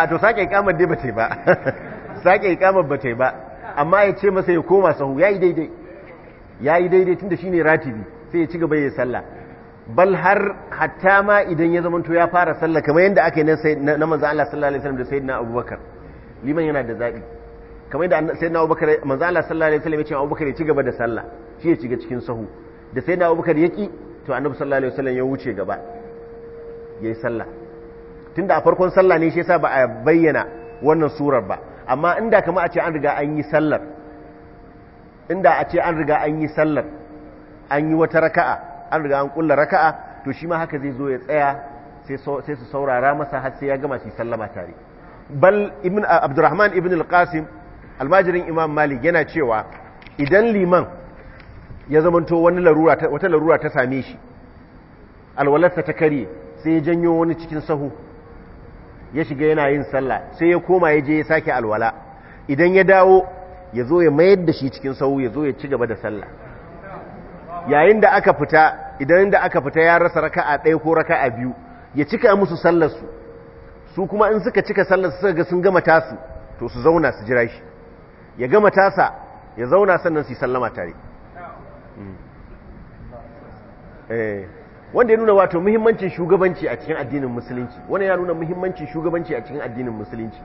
a to sake ikamar dai bace ba [laughs] sake ikamar bace ba amma ya ce masa ya koma sahu yayi daidai yayi daidai tunda shine ratibi sai ya ci gaba ya sallah bal har hatta ma idan ya zamanto ya fara sallah kamar yadda aka yi na manzo Allah sallallahu alaihi wasallam da sayyidina Abubakar liman yana da zabi kamar yadda sayyidina Abubakar manzo Allah sallallahu alaihi wasallam ya ce Abubakar ya ci gaba da sallah shi ya shiga cikin sahu da sayyidina Abubakar ya ki to annabi sallallahu alaihi wasallam ya wuce gaba yayi sallah tunda a farkon sallah ne shi yasa ba a bayyana wannan surar ba amma inda kama a ce an riga an yi sallar inda a ce an riga an yi sallar an yi wata raka'a an riga an kulla raka'a to shi ma haka zai zo ya tsaya sai su saurara masa har sai ya gama shi sallama tare bal ibn abdurrahman ibn al almajirin imam malik yana cewa idan liman ya zamanto wani larura wata larura ta same shi alwalarsa ta kare sai ya janyo wani cikin sahu ya shiga yana yin sallah sai ya koma ya je ya sake alwala idan ya dawo ya zo ya mayar da shi cikin sau ya zo ya ci gaba da sallah yayin da aka fita idan da aka fita ya rasa raka a ɗaya ko raka a biyu ya cika musu sallarsu su kuma in suka cika sallarsu suka ga sun gama tasu to su zauna su jira shi ya gama tasa ya zauna sannan su yi sallama tare hmm. eh. wanda ya nuna wato muhimmancin shugabanci a cikin addinin musulunci wanda ya nuna muhimmancin shugabanci a cikin addinin musulunci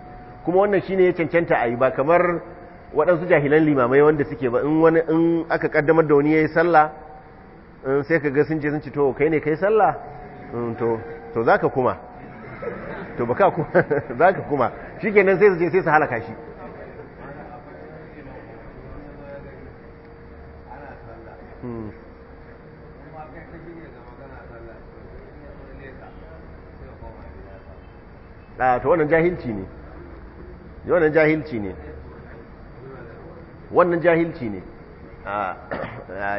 kuma wannan shine ya cancanta a yi ba kamar waɗansu jahilan limamai wanda suke ba in wani in aka kaddamar da wani ya yi sallah sai ka ga sun ce sun ci to kai ne kai sallah mm, to to zaka kuma to baka kuma [laughs] zaka kuma shikenan sai su je sai su halaka shi Hmm. to wannan jahilci ne wannan jahilci ne wannan jahilci ne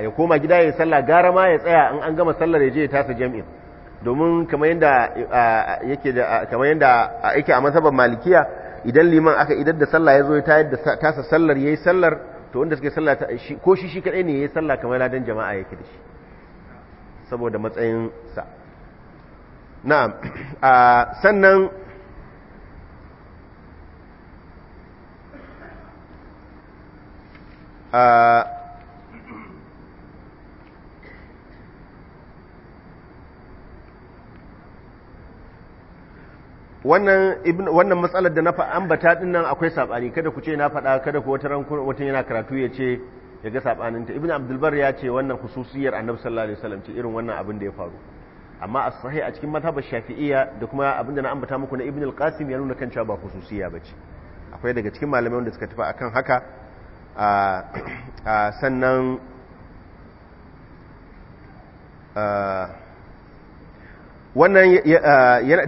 ya koma gida ya salla, gara ma ya tsaya in an gama sallar ya je ya tasa jami'in domin kamar yadda yake da a mazhabar malikiya idan liman aka idar da sallah ya zo ya tayar da tasa sallar yi sallar to wanda suke sallah ko shi shi kadai ne ya yayi sallah kamar ladan jama'a ya da shi saboda matsayin sa na'am sannan wannan matsalar da na ambata din nan akwai sabani kada ku ce na faɗa kada ku wata rankun wata yana karatu ya ce ya ga sabaninta ibn abdulbar ya ce wannan khususiyar annab sallallahu alaihi wasallam ce irin wannan abin da ya faru amma as sahih a cikin mazhabar shafi'iyya da kuma abin da na ambata muku na ibn al-qasim ya nuna kan cewa ba khususiyya bace akwai daga cikin malamai wanda suka tafi akan haka sannan wannan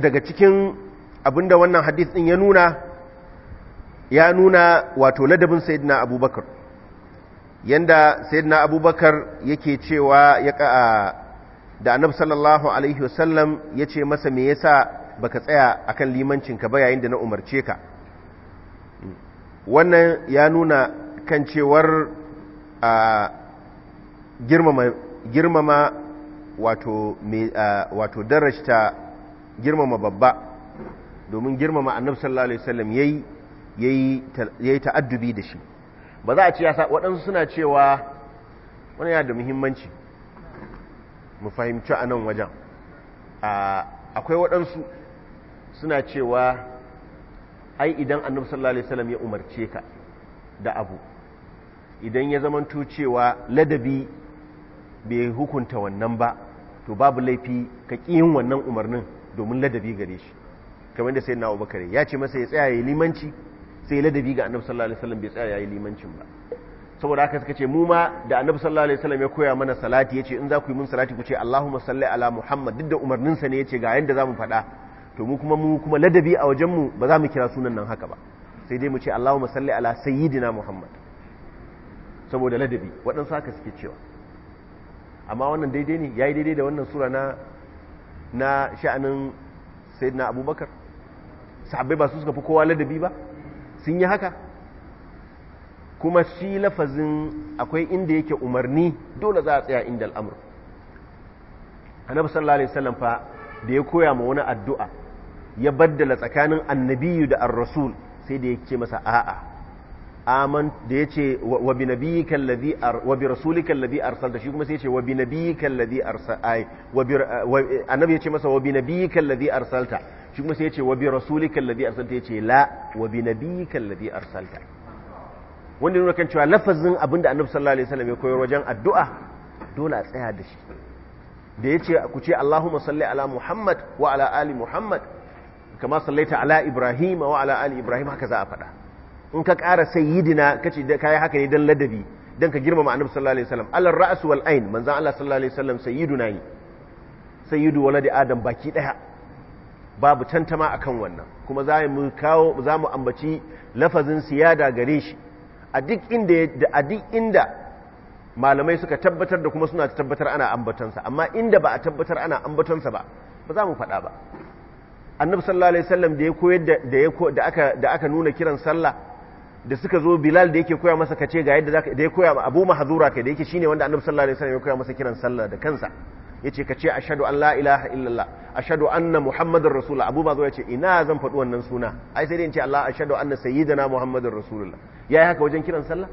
daga cikin abinda wannan hadith din ya nuna ya nuna wato ladabin sayyidina abubakar yanda sayyidina abubakar yake cewa ya ka'a da annabi sallallahu alaihi wasallam ya ce masa me yasa baka tsaya akan limancinka ba yayin da na umarce ka hmm. wannan ya nuna kan cewar girmama wato darashta girmama babba domin girmama annabi sallallahu alaihi ya yi yayi ta'addubi da shi ba za a ce waɗansu suna cewa wani yana da muhimmanci mu fahimci a nan wajen akwai waɗansu suna cewa ai idan annabi sallallahu alaihi wasallam ya umarce ka da abu idan ya zamanto cewa ladabi bai hukunta wannan ba to babu laifi ka yin wannan umarnin domin ladabi gare shi kamar da sai na abubakar ya ce masa ya tsaya ya limanci sai ladabi ga annabi sallallahu alaihi wasallam bai tsaya ya yi limancin ba saboda haka suka ce mu ma da annabi sallallahu alaihi wasallam ya koya mana salati yace in za ku yi mun salati ku ce Allahumma salli ala Muhammad duk da umarnin sa ne yace ga yanda zamu faɗa to mu kuma mu kuma ladabi a wajen mu ba za mu kira sunan nan haka ba sai dai mu ce Allahumma salli ala sayyidina Muhammad saboda ladabi waɗansu haka suke cewa amma wannan daidai ne ya yi daidai da wannan sura na na sha'anin sayyidina abubakar sahabbai ba su suka fi kowa ladabi ba sun yi haka kuma shi lafazin akwai inda yake umarni dole za a tsaya inda al'amur annabi sallallahu alaihi wasallam fa da ya koya ma wani addu'a ya baddala tsakanin annabiyu da ar-rasul sai da ya yake masa a'a aman da ce wa bi nabiyyika alladhi wa bi rasulika alladhi arsalta shi kuma sai wa bi nabiyyika wa bi annabi yace masa wa bi nabiyyika alladhi arsalta shi kuma sai wa bi rasulika alladhi arsalta yace la wa bi nabiyyika alladhi arsalta wanda nuna kan cewa lafazin abinda annabi sallallahu alaihi wasallam ya koyar wajen addu'a dole a tsaya da shi da ce ku ce Allahumma salli ala Muhammad wa ala ali Muhammad kama sallaita ala Ibrahim wa ala ali Ibrahim haka za a faɗa in ka ƙara sayyidina kace ka yi haka ne dan ladabi dan ka girmama annabi sallallahu alaihi wasallam alal ra's wal ain Allah sallallahu alaihi wasallam sayyiduna ne sayyidu waladi adam baki daya babu tantama akan wannan kuma za mu kawo za mu ambaci lafazin siyada gare shi a duk inda a duk inda malamai suka tabbatar da kuma suna tabbatar ana ambatansa amma inda ba a tabbatar ana ambatansa ba ba za mu faɗa ba annabi sallallahu alaihi wasallam da ya koyar da da aka da aka nuna kiran sallah da suka zo bilal da yake koya masa kace ga yadda zaka da ya koya abu mahzura kai da yake shine wanda annabi sallallahu alaihi wasallam ya koya masa kiran sallah da kansa yace kace ashhadu an la ilaha illallah ashhadu anna muhammadar rasulullah abu bazo yace ina zan faɗi wannan suna ai sai dai in ce allah ashhadu anna sayyidina muhammadar rasulullah yayi haka wajen kiran sallah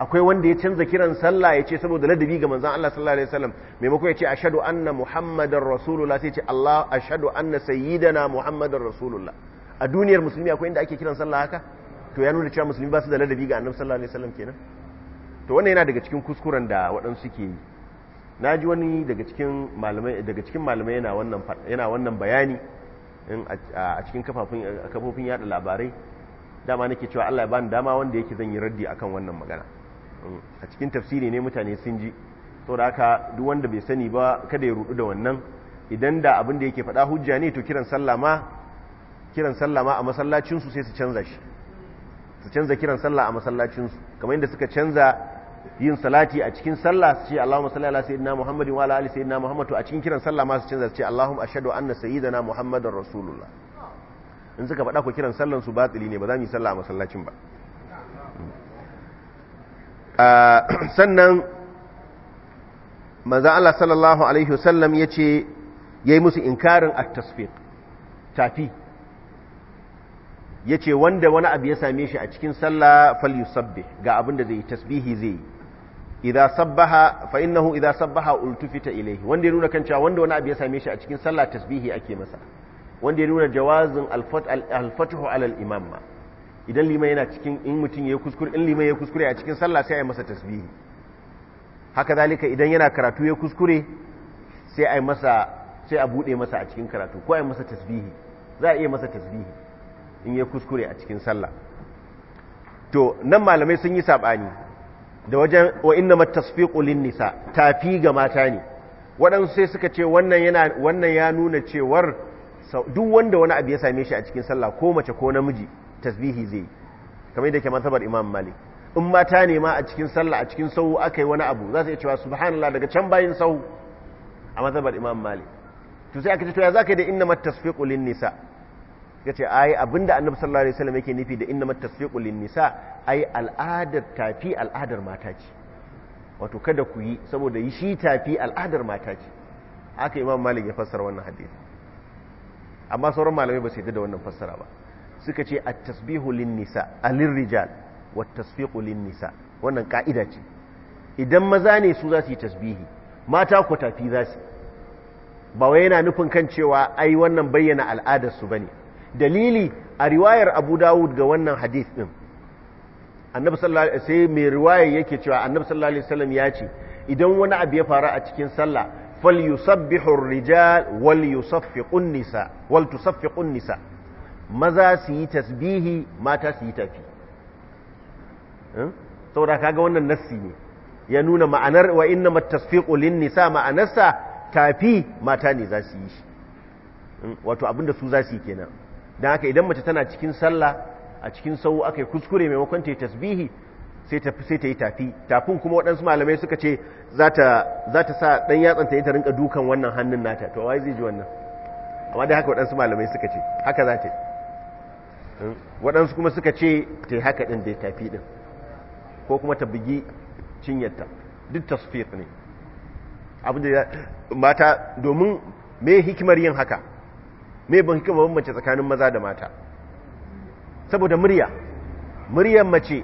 akwai wanda ya canza kiran sallah ya ce saboda ladabi ga manzan Allah sallallahu alaihi wasallam maimakon ya ce ashhadu anna muhammadar rasulullah sai yace Allah ashhadu anna sayyidana muhammadar rasulullah a duniyar musulmi akwai inda ake kiran sallah haka to ya nuna cewa musulmi ba su da ladabi ga annabi sallallahu alaihi wasallam kenan to wannan yana daga cikin kuskuren da waɗansu ke yi na wani daga cikin malamai daga cikin malamai yana wannan yana wannan bayani a cikin kafafun kafofin yada labarai dama nake cewa Allah ya bani dama wanda yake zan yi raddi akan wannan magana mm, a cikin tafsiri ne mutane sun ji saboda haka duk wanda bai sani ba kada ya rudu da wannan idan da abin da yake faɗa hujja ne to kiran sallama kiran sallama a masallacin su sai su canza shi su canza kiran sallah a masallacinsu kamar yadda suka canza yin salati a cikin sallah su ce Allahumma salli ala sayyidina Muhammadin wa ala ali sayyidina Muhammad to a cikin kiran sallah ma su canza su ce Allahumma ashhadu anna sayyidina Muhammadar rasulullah in suka faɗa ku kiran sallan su batili ne ba za mu yi sallah a masallacin ba sannan manzo Allah sallallahu alaihi wasallam yace yayi musu inkarin at-tasfiq tafi ya ce wanda wani abu ya same shi a cikin sallah fal yusabbih ga abin da zai yi tasbihi zai yi idza sabbaha fa innahu idza sabbaha ilayhi wanda ya nuna kan cewa wanda wani abu ya same shi a cikin sallah tasbihi ake masa wanda ya nuna jawazin al-fathu ala al-imam ma idan liman yana cikin in mutum ya kuskure in liman kuskure a cikin sallah sai a yi masa tasbihi haka zalika idan yana karatu ya kuskure sai a masa sai a bude masa a cikin karatu ko a yi masa tasbihi za a iya masa tasbihi in ya kuskure a cikin sallah to nan malamai sun yi sabani da wajen wa inna matasfiqu lin nisa tafi ga mata ne waɗansu sai suka ce wannan yana wannan ya nuna cewar duk wanda wani abu ya same shi a cikin sallah ko mace ko namiji tasbihi zai kamar yadda ke mazhabar imam malik in mata ne ma a cikin sallah a cikin sau aka yi wani abu za su iya cewa subhanallah daga can bayin sau a mazhabar imam malik to sai aka ce to ya zaka da inna matasfiqu lin nisa yace ai abinda annabi sallallahu alaihi wasallam yake nufi da innamat tasfiqu lin nisa ai al'adar tafi al'adar mata ce wato kada ku yi saboda yi shi tafi al'adar mata ce aka imam malik ya fassara wannan hadisi amma sauran malamai ba su yadda da wannan fassara ba suka ce at-tasbihu lin nisa alin rijal wat tasfiqu lin nisa wannan ka'ida ce idan maza ne su za su yi tasbihi mata ku tafi za su ba wai yana nufin kan cewa ai wannan bayyana al'adarsu ba ne dalili a riwayar abu dawud ga wannan hadith ɗin, annabi sallallahu alaihi sai mai riwaya yake cewa annabi sallallahu alaihi wasallam ya ce idan wani abu ya faru a cikin sallah falyusabbihu ar-rijal wal yusaffiqun nisa wal tusaffiqun nisa maza su yi tasbihi mata su yi tafi hmm? saboda kaga wannan nassi ne ya nuna ma'anar wa inna matasfiqu lin nisa ma'anarsa tafi mata ne za su yi shi hmm? wato abinda su za su yi kenan don haka idan mace tana cikin sallah a cikin sau aka yi kuskure maimakon ta yi tasbihi sai ta yi tafi tafin kuma waɗansu malamai suka ce za ta sa ɗan yatsanta ta rinka dukan wannan hannun nata to wai zai ji wannan amma da haka waɗansu malamai suka ce haka za ta yi waɗansu kuma suka ce ta yi haka ɗin da ya tafi ɗin ko kuma ta bugi cinyarta duk tasfiyar ne abin da mata domin me hikimar yin haka me ban kika bambance tsakanin maza da mata saboda murya muryar mace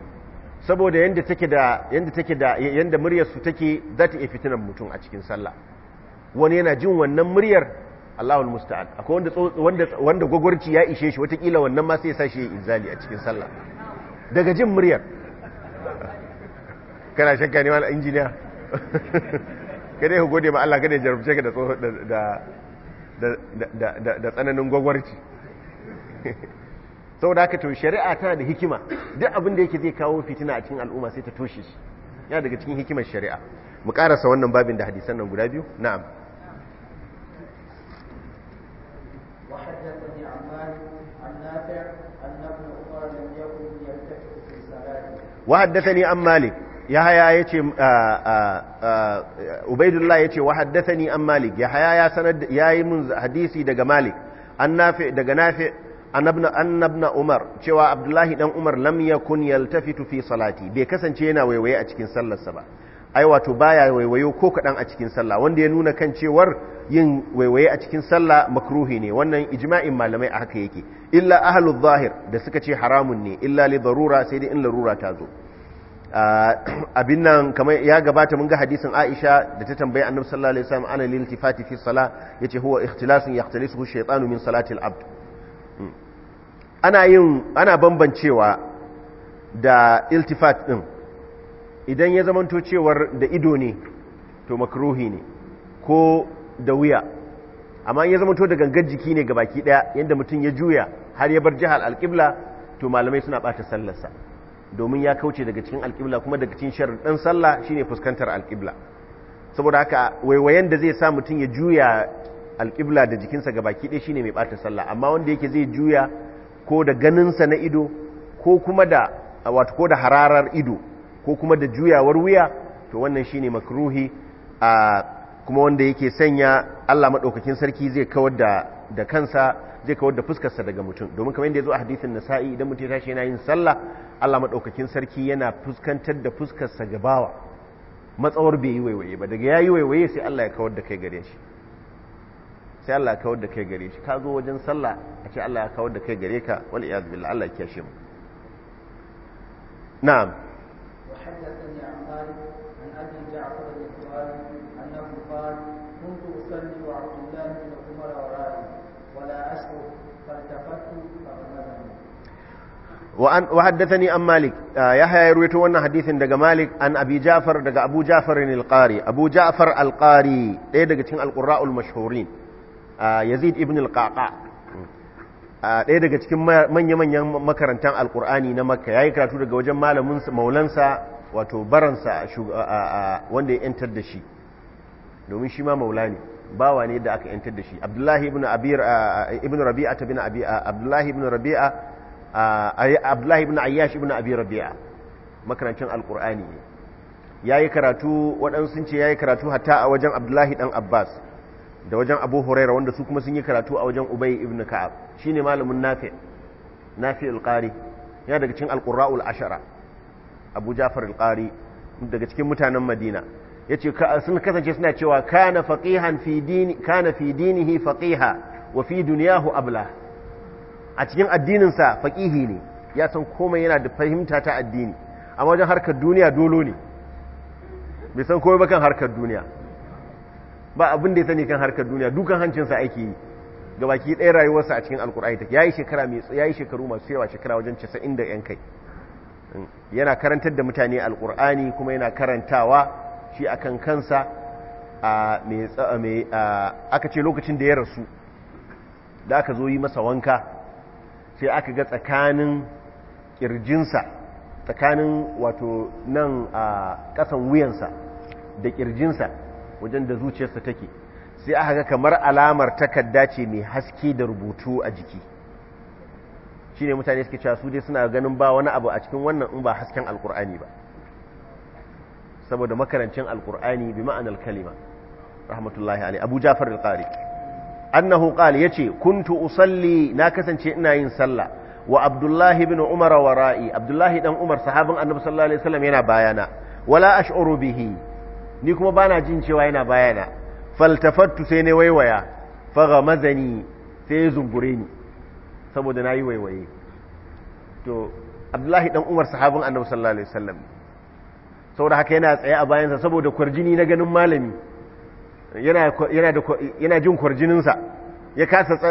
saboda yanda take da yanda take da yanda muryar su take za ta iya fitinan mutum a cikin sallah wani yana jin wannan muryar Allahul musta'an akwai wanda wanda wanda ya ishe shi watakila wannan ma sai ya sashi inzali a cikin sallah daga jin muryar kana shakka ne wani injiniya [laughs] kada ya gode ma Allah kada ya jarumce ka da da tsananin gwagwarci [laughs] da haka to shari'a tana da hikima duk abin da yake zai kawo fitina a cikin al'umma sai ta toshe shi ya daga cikin hikimar shari'a mu karasa wannan babin da hadisan nan guda biyu na'am وحدثني عن مالك yahaya ce ah, ah, ah, ubaidullah ce wa ni an malik yahaya ya sanar yayi mun hadisi daga malik daga nafi an umar cewa abdullahi dan umar lam yakun yaltafitu fi salati bai kasance yana waiwaye a cikin sallarsa ba ai wato baya waiwayo ko kadan a cikin sallah wanda ya nuna kan cewar yin waiwaye a cikin sallah makruhi ne wannan ijma'in malamai a haka yake illa ahlul zahir da suka ce haramun ne illa li darura sai dai in larura ta zo abin nan kamar ya gabata mun ga hadisin Aisha da ta tambaye Annabi sallallahu alaihi wasallam ana lil tifati fi salah yace huwa ikhtilasun yahtalisuhu shaytanu min salati al-abd hmm. ana yin ana bambancewa da iltifat din idan ya zamanto cewar da ido ne to makruhi ne ko da wuya amma ya zamanto da gangar jiki ne gabaki daya yanda mutum ya juya har ya bar jihar alqibla to malamai suna bata sallarsa domin ya kauce daga cikin alƙibla kuma daga cikin ɗan sallah shine fuskantar alƙibla saboda haka waiwayen da zai sa mutum ya juya alƙibla da jikinsa ga baki ɗaya shine mai ɓata sallah amma wanda yake zai juya ko da ganinsa na ido ko kuma da wato ko da hararar ido ko kuma da juyawar wuya to wannan shine makruhi kuma wanda yake sanya Allah maɗaukakin sarki zai kawar da kansa zai kawar da fuskarsa daga mutum domin kamar yadda ya zo a hadisin nasa'i idan mutum ya tashi yana yin sallah Allah maɗaukakin sarki yana fuskantar da fuskarsa gabawa matsawar bai yi waiwaye ba daga ya yi waiwaye sai Allah ya kawar da kai gare shi sai Allah ya kawar da kai gare shi ka zo wajen sallah a ce Allah ya kawar da kai gare ka Wani iya zubi Allah ya kyashe mu na'am wa an an wa ne an malik ya haya ruwaito wannan hadisin daga malik an abi jafar daga abu jafar al abu jafar al-qari daga cikin al-qurra'ul yazid ibn al-qaqa ɗaya daga cikin manya-manyan makarantan al na makka yayi karatu daga wajen malamin maulansa wato baransa wanda ya yantar da domin shi ma maula ne bawa ne da aka yantar da shi abdullahi abdullahi ibn rabi'a abdullahi ibn ayyash ibn abi rabi'a makarancin alkur'ani ne yayi karatu waɗansu sun ce yayi karatu hatta a wajen abdullahi dan abbas da wajen abu Hurairah wanda su kuma sun yi karatu a wajen ubay ibn ka'ab shine malamin nafi nafi al-Qari ya daga cikin Al-Qurra'ul ashara abu ja'far al-Qari daga cikin mutanen madina yace sun kasance suna cewa kana faqihan fi dini kana fi dinihi faqiha wa fi dunyahu ablah a cikin addininsa faƙihi ne ya san komai yana da fahimta ta addini amma wajen harkar duniya dolo ne bai san komai ba kan harkar duniya ba abin da ya sani kan harkar duniya dukan hancinsa ake yi ga baki ɗaya rayuwarsa a cikin alkur'ani ta yayi shekara mai yayi shekaru masu yawa shekara wajen casa'in da yan kai mm. yana karantar da mutane alkur'ani kuma yana karantawa shi kan kansa a aka ce lokacin da ya rasu da aka zo yi masa wanka sai aka ga tsakanin kirjinsa tsakanin wato nan a ƙasan wuyansa da kirjinsa wajen da zuciyarsa take sai aka ga kamar alamar takarda ce mai haske da rubutu a jiki shi ne mutane suke cewa su dai suna ganin ba wani abu a cikin wannan in ba hasken alkur'ani ba saboda makarancin alkur'ani bi ma'anar kalima rahmatullahi alai abu jafar al annahu qala yace kuntu usalli na kasance ina yin sallah wa abdullahi ibn umar wara'i abdullahi dan umar sahabin annabi sallallahu alaihi wasallam yana bayana wala ash'uru bihi ni kuma bana jin cewa yana bayana faltafattu sai ne waiwaya faghamazani sai zungure ni saboda nayi waiwaye to abdullahi dan umar sahabin annabi sallallahu alaihi wasallam saboda haka yana tsaye a bayansa saboda kwarjini na ganin malami yana jin kwarjininsa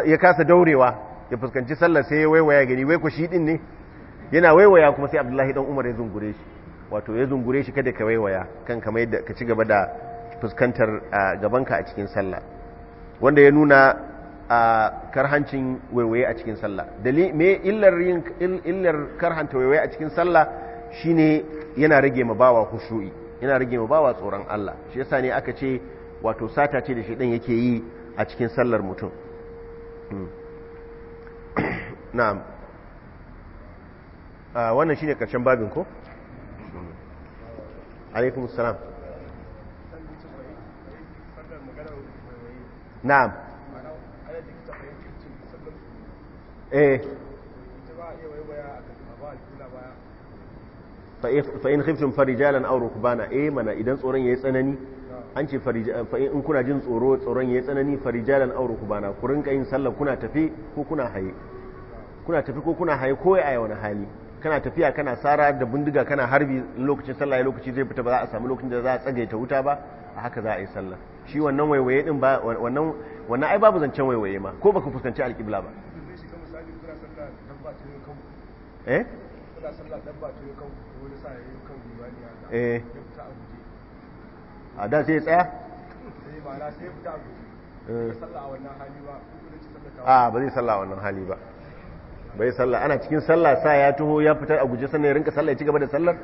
ya kasa daurewa ya fuskanci sallar sai ya waiwaya gani wai ku shi din ne yana waiwaya kuma sai abdullahi dan umar ya zungure shi wato ya zungure shi kada ka waiwaya kan kamar yadda ka ci gaba da fuskantar gabanka a cikin sallah wanda ya nuna a karhancin waiwaye a cikin sallah dalil me illar illar karhanta waiwaye a cikin sallah shine yana rage ma bawa khushu'i yana rage ma bawa tsoron Allah shi yasa ne aka ce wato sata ce da shi shaidan yake yi a cikin sallar mutum hmm. [coughs] na'am ah, wannan ne karshen babin ko hmm. alaikum salam na'am eh fa in khiftum farijalan ku bana eh mana idan tsoron yayi tsanani an ce in kuna jin tsoro tsoron ya yi tsanani farijalan auro ku bana ku rinka yin sallah kuna tafi ko kuna haye kuna tafi ko kuna haye ko ya wani hali kana tafiya kana sara da bindiga kana harbi lokacin sallah ya lokaci zai fita ba za a samu lokacin da za a ta wuta ba a haka za a yi sallah shi wannan waiwaye din ba wannan wannan ai babu zancen waiwaye ma ko baka fuskanci alƙibla ba eh eh a da sai tsaya a ba zai salla a wannan hali ba ba zai salla ana cikin salla sa ya taho ya fitar a guje sannan ya rinka salla ya ci gaba da sallar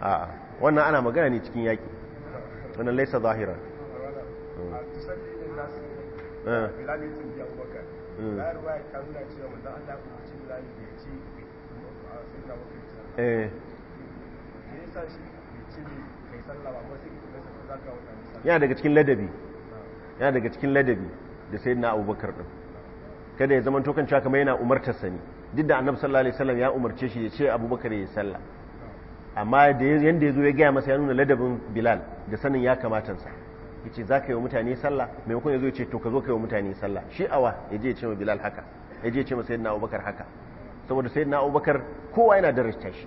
a wannan ana magana ne cikin yaki wannan laisa zahira eh yana daga cikin ladabi yana daga cikin ladabi da sai na abubakar ɗin kada ya zama tokan cewa kamar yana umartar sani duk da annabi sallallahu alaihi wasallam ya umarce shi ya ce abubakar ya salla. amma yadda yanda ya zo ya gaya masa ya nuna ladabin bilal da sanin ya kamata sa ya ce za ka yi wa mutane salla maimakon ya zo ya ce to ka zo ka yi wa mutane salla. shi awa ya je ya ce ma bilal haka ya je ya ce ma sayyidina abubakar haka saboda sayyidina abubakar kowa yana darasta shi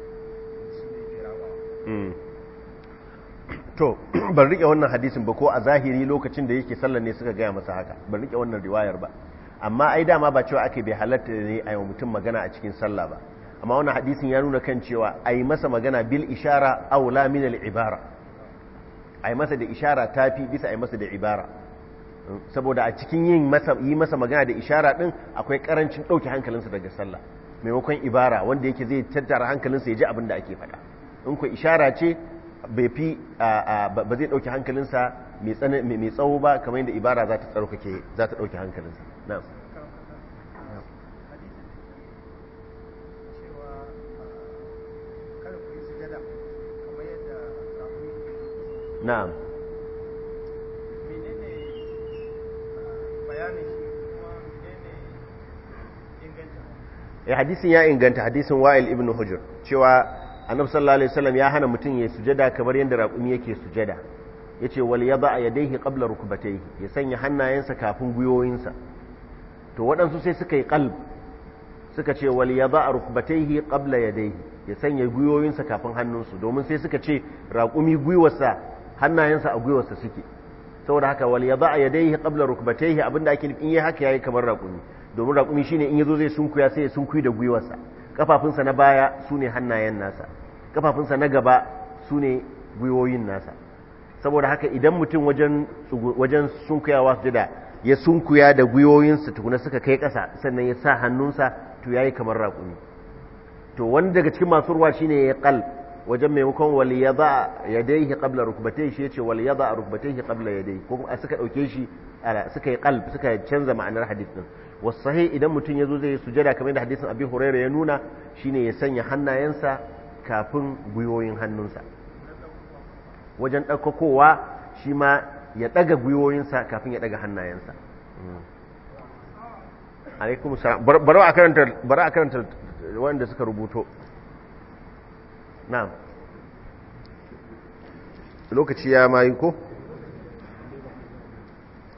Hmm. to [clears throat] ban rike wannan hadisin ba ko a zahiri lokacin da yake sallar ne suka gaya masa haka ban rike wannan riwayar ba amma ai dama ba cewa ake bai halatta ne a yau mutum magana a cikin sallah ba amma wannan hadisin ya nuna kan cewa a yi masa magana bil ishara la min al ibara a yi masa da ishara tafi bisa a yi masa da ibara hmm. saboda a cikin yin masa yi masa magana da ishara din akwai karancin dauke hankalinsa daga sallah maimakon ibara wanda yake zai tattara hankalinsa ya ji abin da ake faɗa in ku ishara ce bai fi ba zai ɗauki hankalinsa mai tsawo ba kamar yadda ibara za ta tsarkake za ta ɗauki hankalinsa na'am ya eh, hadisin ya inganta hadisin wa'il ibn hujr cewa annabi sallallahu alaihi wasallam ya hana mutum ya sujada kamar yadda raƙumi yake sujada yace wal yada yadayhi qabla rukbatayhi ya sanya hannayensa kafin guyoyinsa to waɗansu sai suka yi qalb suka ce wal yada rukbatayhi qabla yadayhi ya sanya guyoyinsa kafin hannunsu domin sai suka ce raƙumi gwiwarsa hannayensa a gwiwarsa suke saboda haka wal yada yadayhi qabla rukbatayhi abinda ake in yi haka yayi kamar raƙumi domin raƙumi shine in yazo zai sunkuya sai ya sunkuyi da gwiwarsa kafafunsa na baya ne hannayen nasa kafafunsa na gaba su ne gwiwoyin nasa saboda haka idan mutum wajen sunkuyawa sujada ya sunkuya da gwiwoyinsa tukuna suka kai ƙasa sannan ya sa hannunsa to ya yi kamar raƙumi to wani daga cikin masu ruwa shine ya ƙal wajen maimakon wali ya za ya ƙabla rukubatai shi ya ce wali ya za a rukubatai shi ƙabla ya ko kuma suka ɗauke shi suka yi ƙal suka canza ma'anar hadith ɗin wasu sahi idan mutum ya zo zai sujada kamar da hadisin abin huraira ya nuna shine ya sanya hannayensa kafin gwiwoyin hannunsa wajen ɗaukakowa shi ma ya ɗaga gwiwoyinsa kafin ya ɗaga hannayensa hmm. alaikum salam baro a karanta a karanta wanda suka rubuto na lokaci ya mayi ko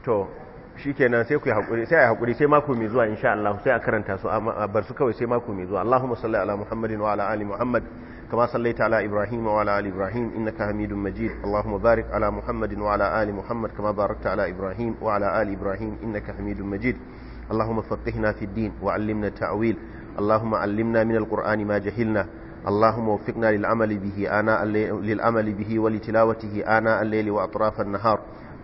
to shikenan sai ku hakuri sai yi hakuri sai mako mai zuwa insha Allah sai a karanta su a bar su kawai sai mako mai zuwa Allahumma salli ala Muhammadin wa ala ali Muhammad كما صليت على إبراهيم وعلى آل إبراهيم إنك حميد مجيد اللهم بارك على محمد وعلى آل محمد كما باركت على إبراهيم وعلى آل إبراهيم إنك حميد مجيد اللهم فقهنا في الدين وعلمنا التأويل اللهم علمنا من القرآن ما جهلنا اللهم وفقنا للعمل به آناء للعمل به ولتلاوته آناء الليل وأطراف النهار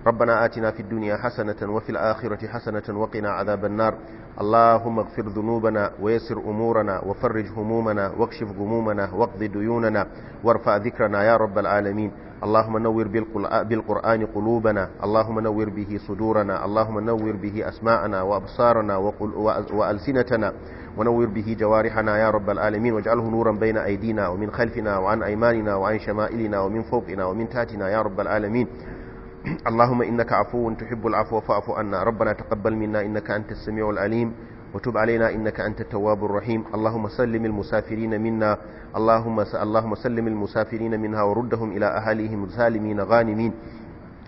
ربنا آتنا في الدنيا حسنة وفي الآخرة حسنة وقنا عذاب النار اللهم اغفر ذنوبنا ويسر أمورنا وفرج همومنا واكشف غمومنا واقض ديوننا وارفع ذكرنا يا رب العالمين اللهم نور بالقرآن قلوبنا اللهم نور به صدورنا اللهم نور به أسماءنا وأبصارنا وألسنتنا ونور به جوارحنا يا رب العالمين واجعله نورا بين أيدينا ومن خلفنا وعن أيماننا وعن شمائلنا ومن فوقنا ومن تاتنا يا رب العالمين اللهم إنك عفو تحب العفو فاعف عنا ربنا تقبل منا إنك أنت السميع العليم وتب علينا إنك أنت التواب الرحيم اللهم سلم المسافرين منا اللهم اللهم سلم المسافرين منها وردهم إلى أهاليهم سالمين غانمين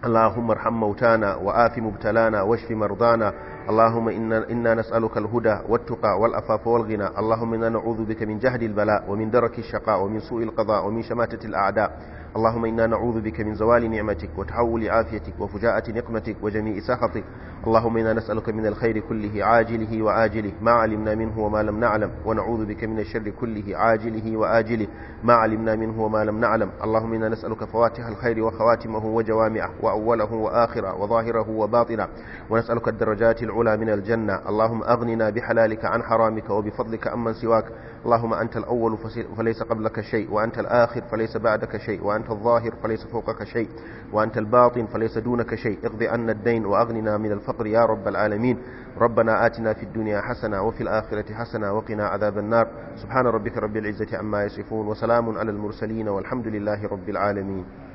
اللهم ارحم موتانا وآف مبتلانا واشف مرضانا اللهم إنا, إنا نسألك الهدى والتقى والأفاف والغنى اللهم إنا نعوذ بك من جهد البلاء ومن درك الشقاء ومن سوء القضاء ومن شماتة الأعداء اللهم إنا نعوذ بك من زوال نعمتك وتحول عافيتك وفجاءة نقمتك وجميع سخطك اللهم إنا نسألك من الخير كله عاجله وآجله ما علمنا منه وما لم نعلم ونعوذ بك من الشر كله عاجله وآجله ما علمنا منه وما لم نعلم اللهم إنا نسألك فواتح الخير وخواتمه وجوامعه وأوله وآخرة وظاهره وباطنه ونسألك الدرجات العلى من الجنة اللهم أغننا بحلالك عن حرامك وبفضلك أمن سواك اللهم أنت الأول فليس قبلك شيء وأنت الآخر فليس بعدك شيء وأنت الظاهر فليس فوقك شيء وأنت الباطن فليس دونك شيء اقض عنا الدين وأغننا من الفقر يا رب العالمين ربنا آتنا في الدنيا حسنة وفي الآخرة حسنة وقنا عذاب النار سبحان ربك رب العزة عما يصفون وسلام على المرسلين والحمد لله رب العالمين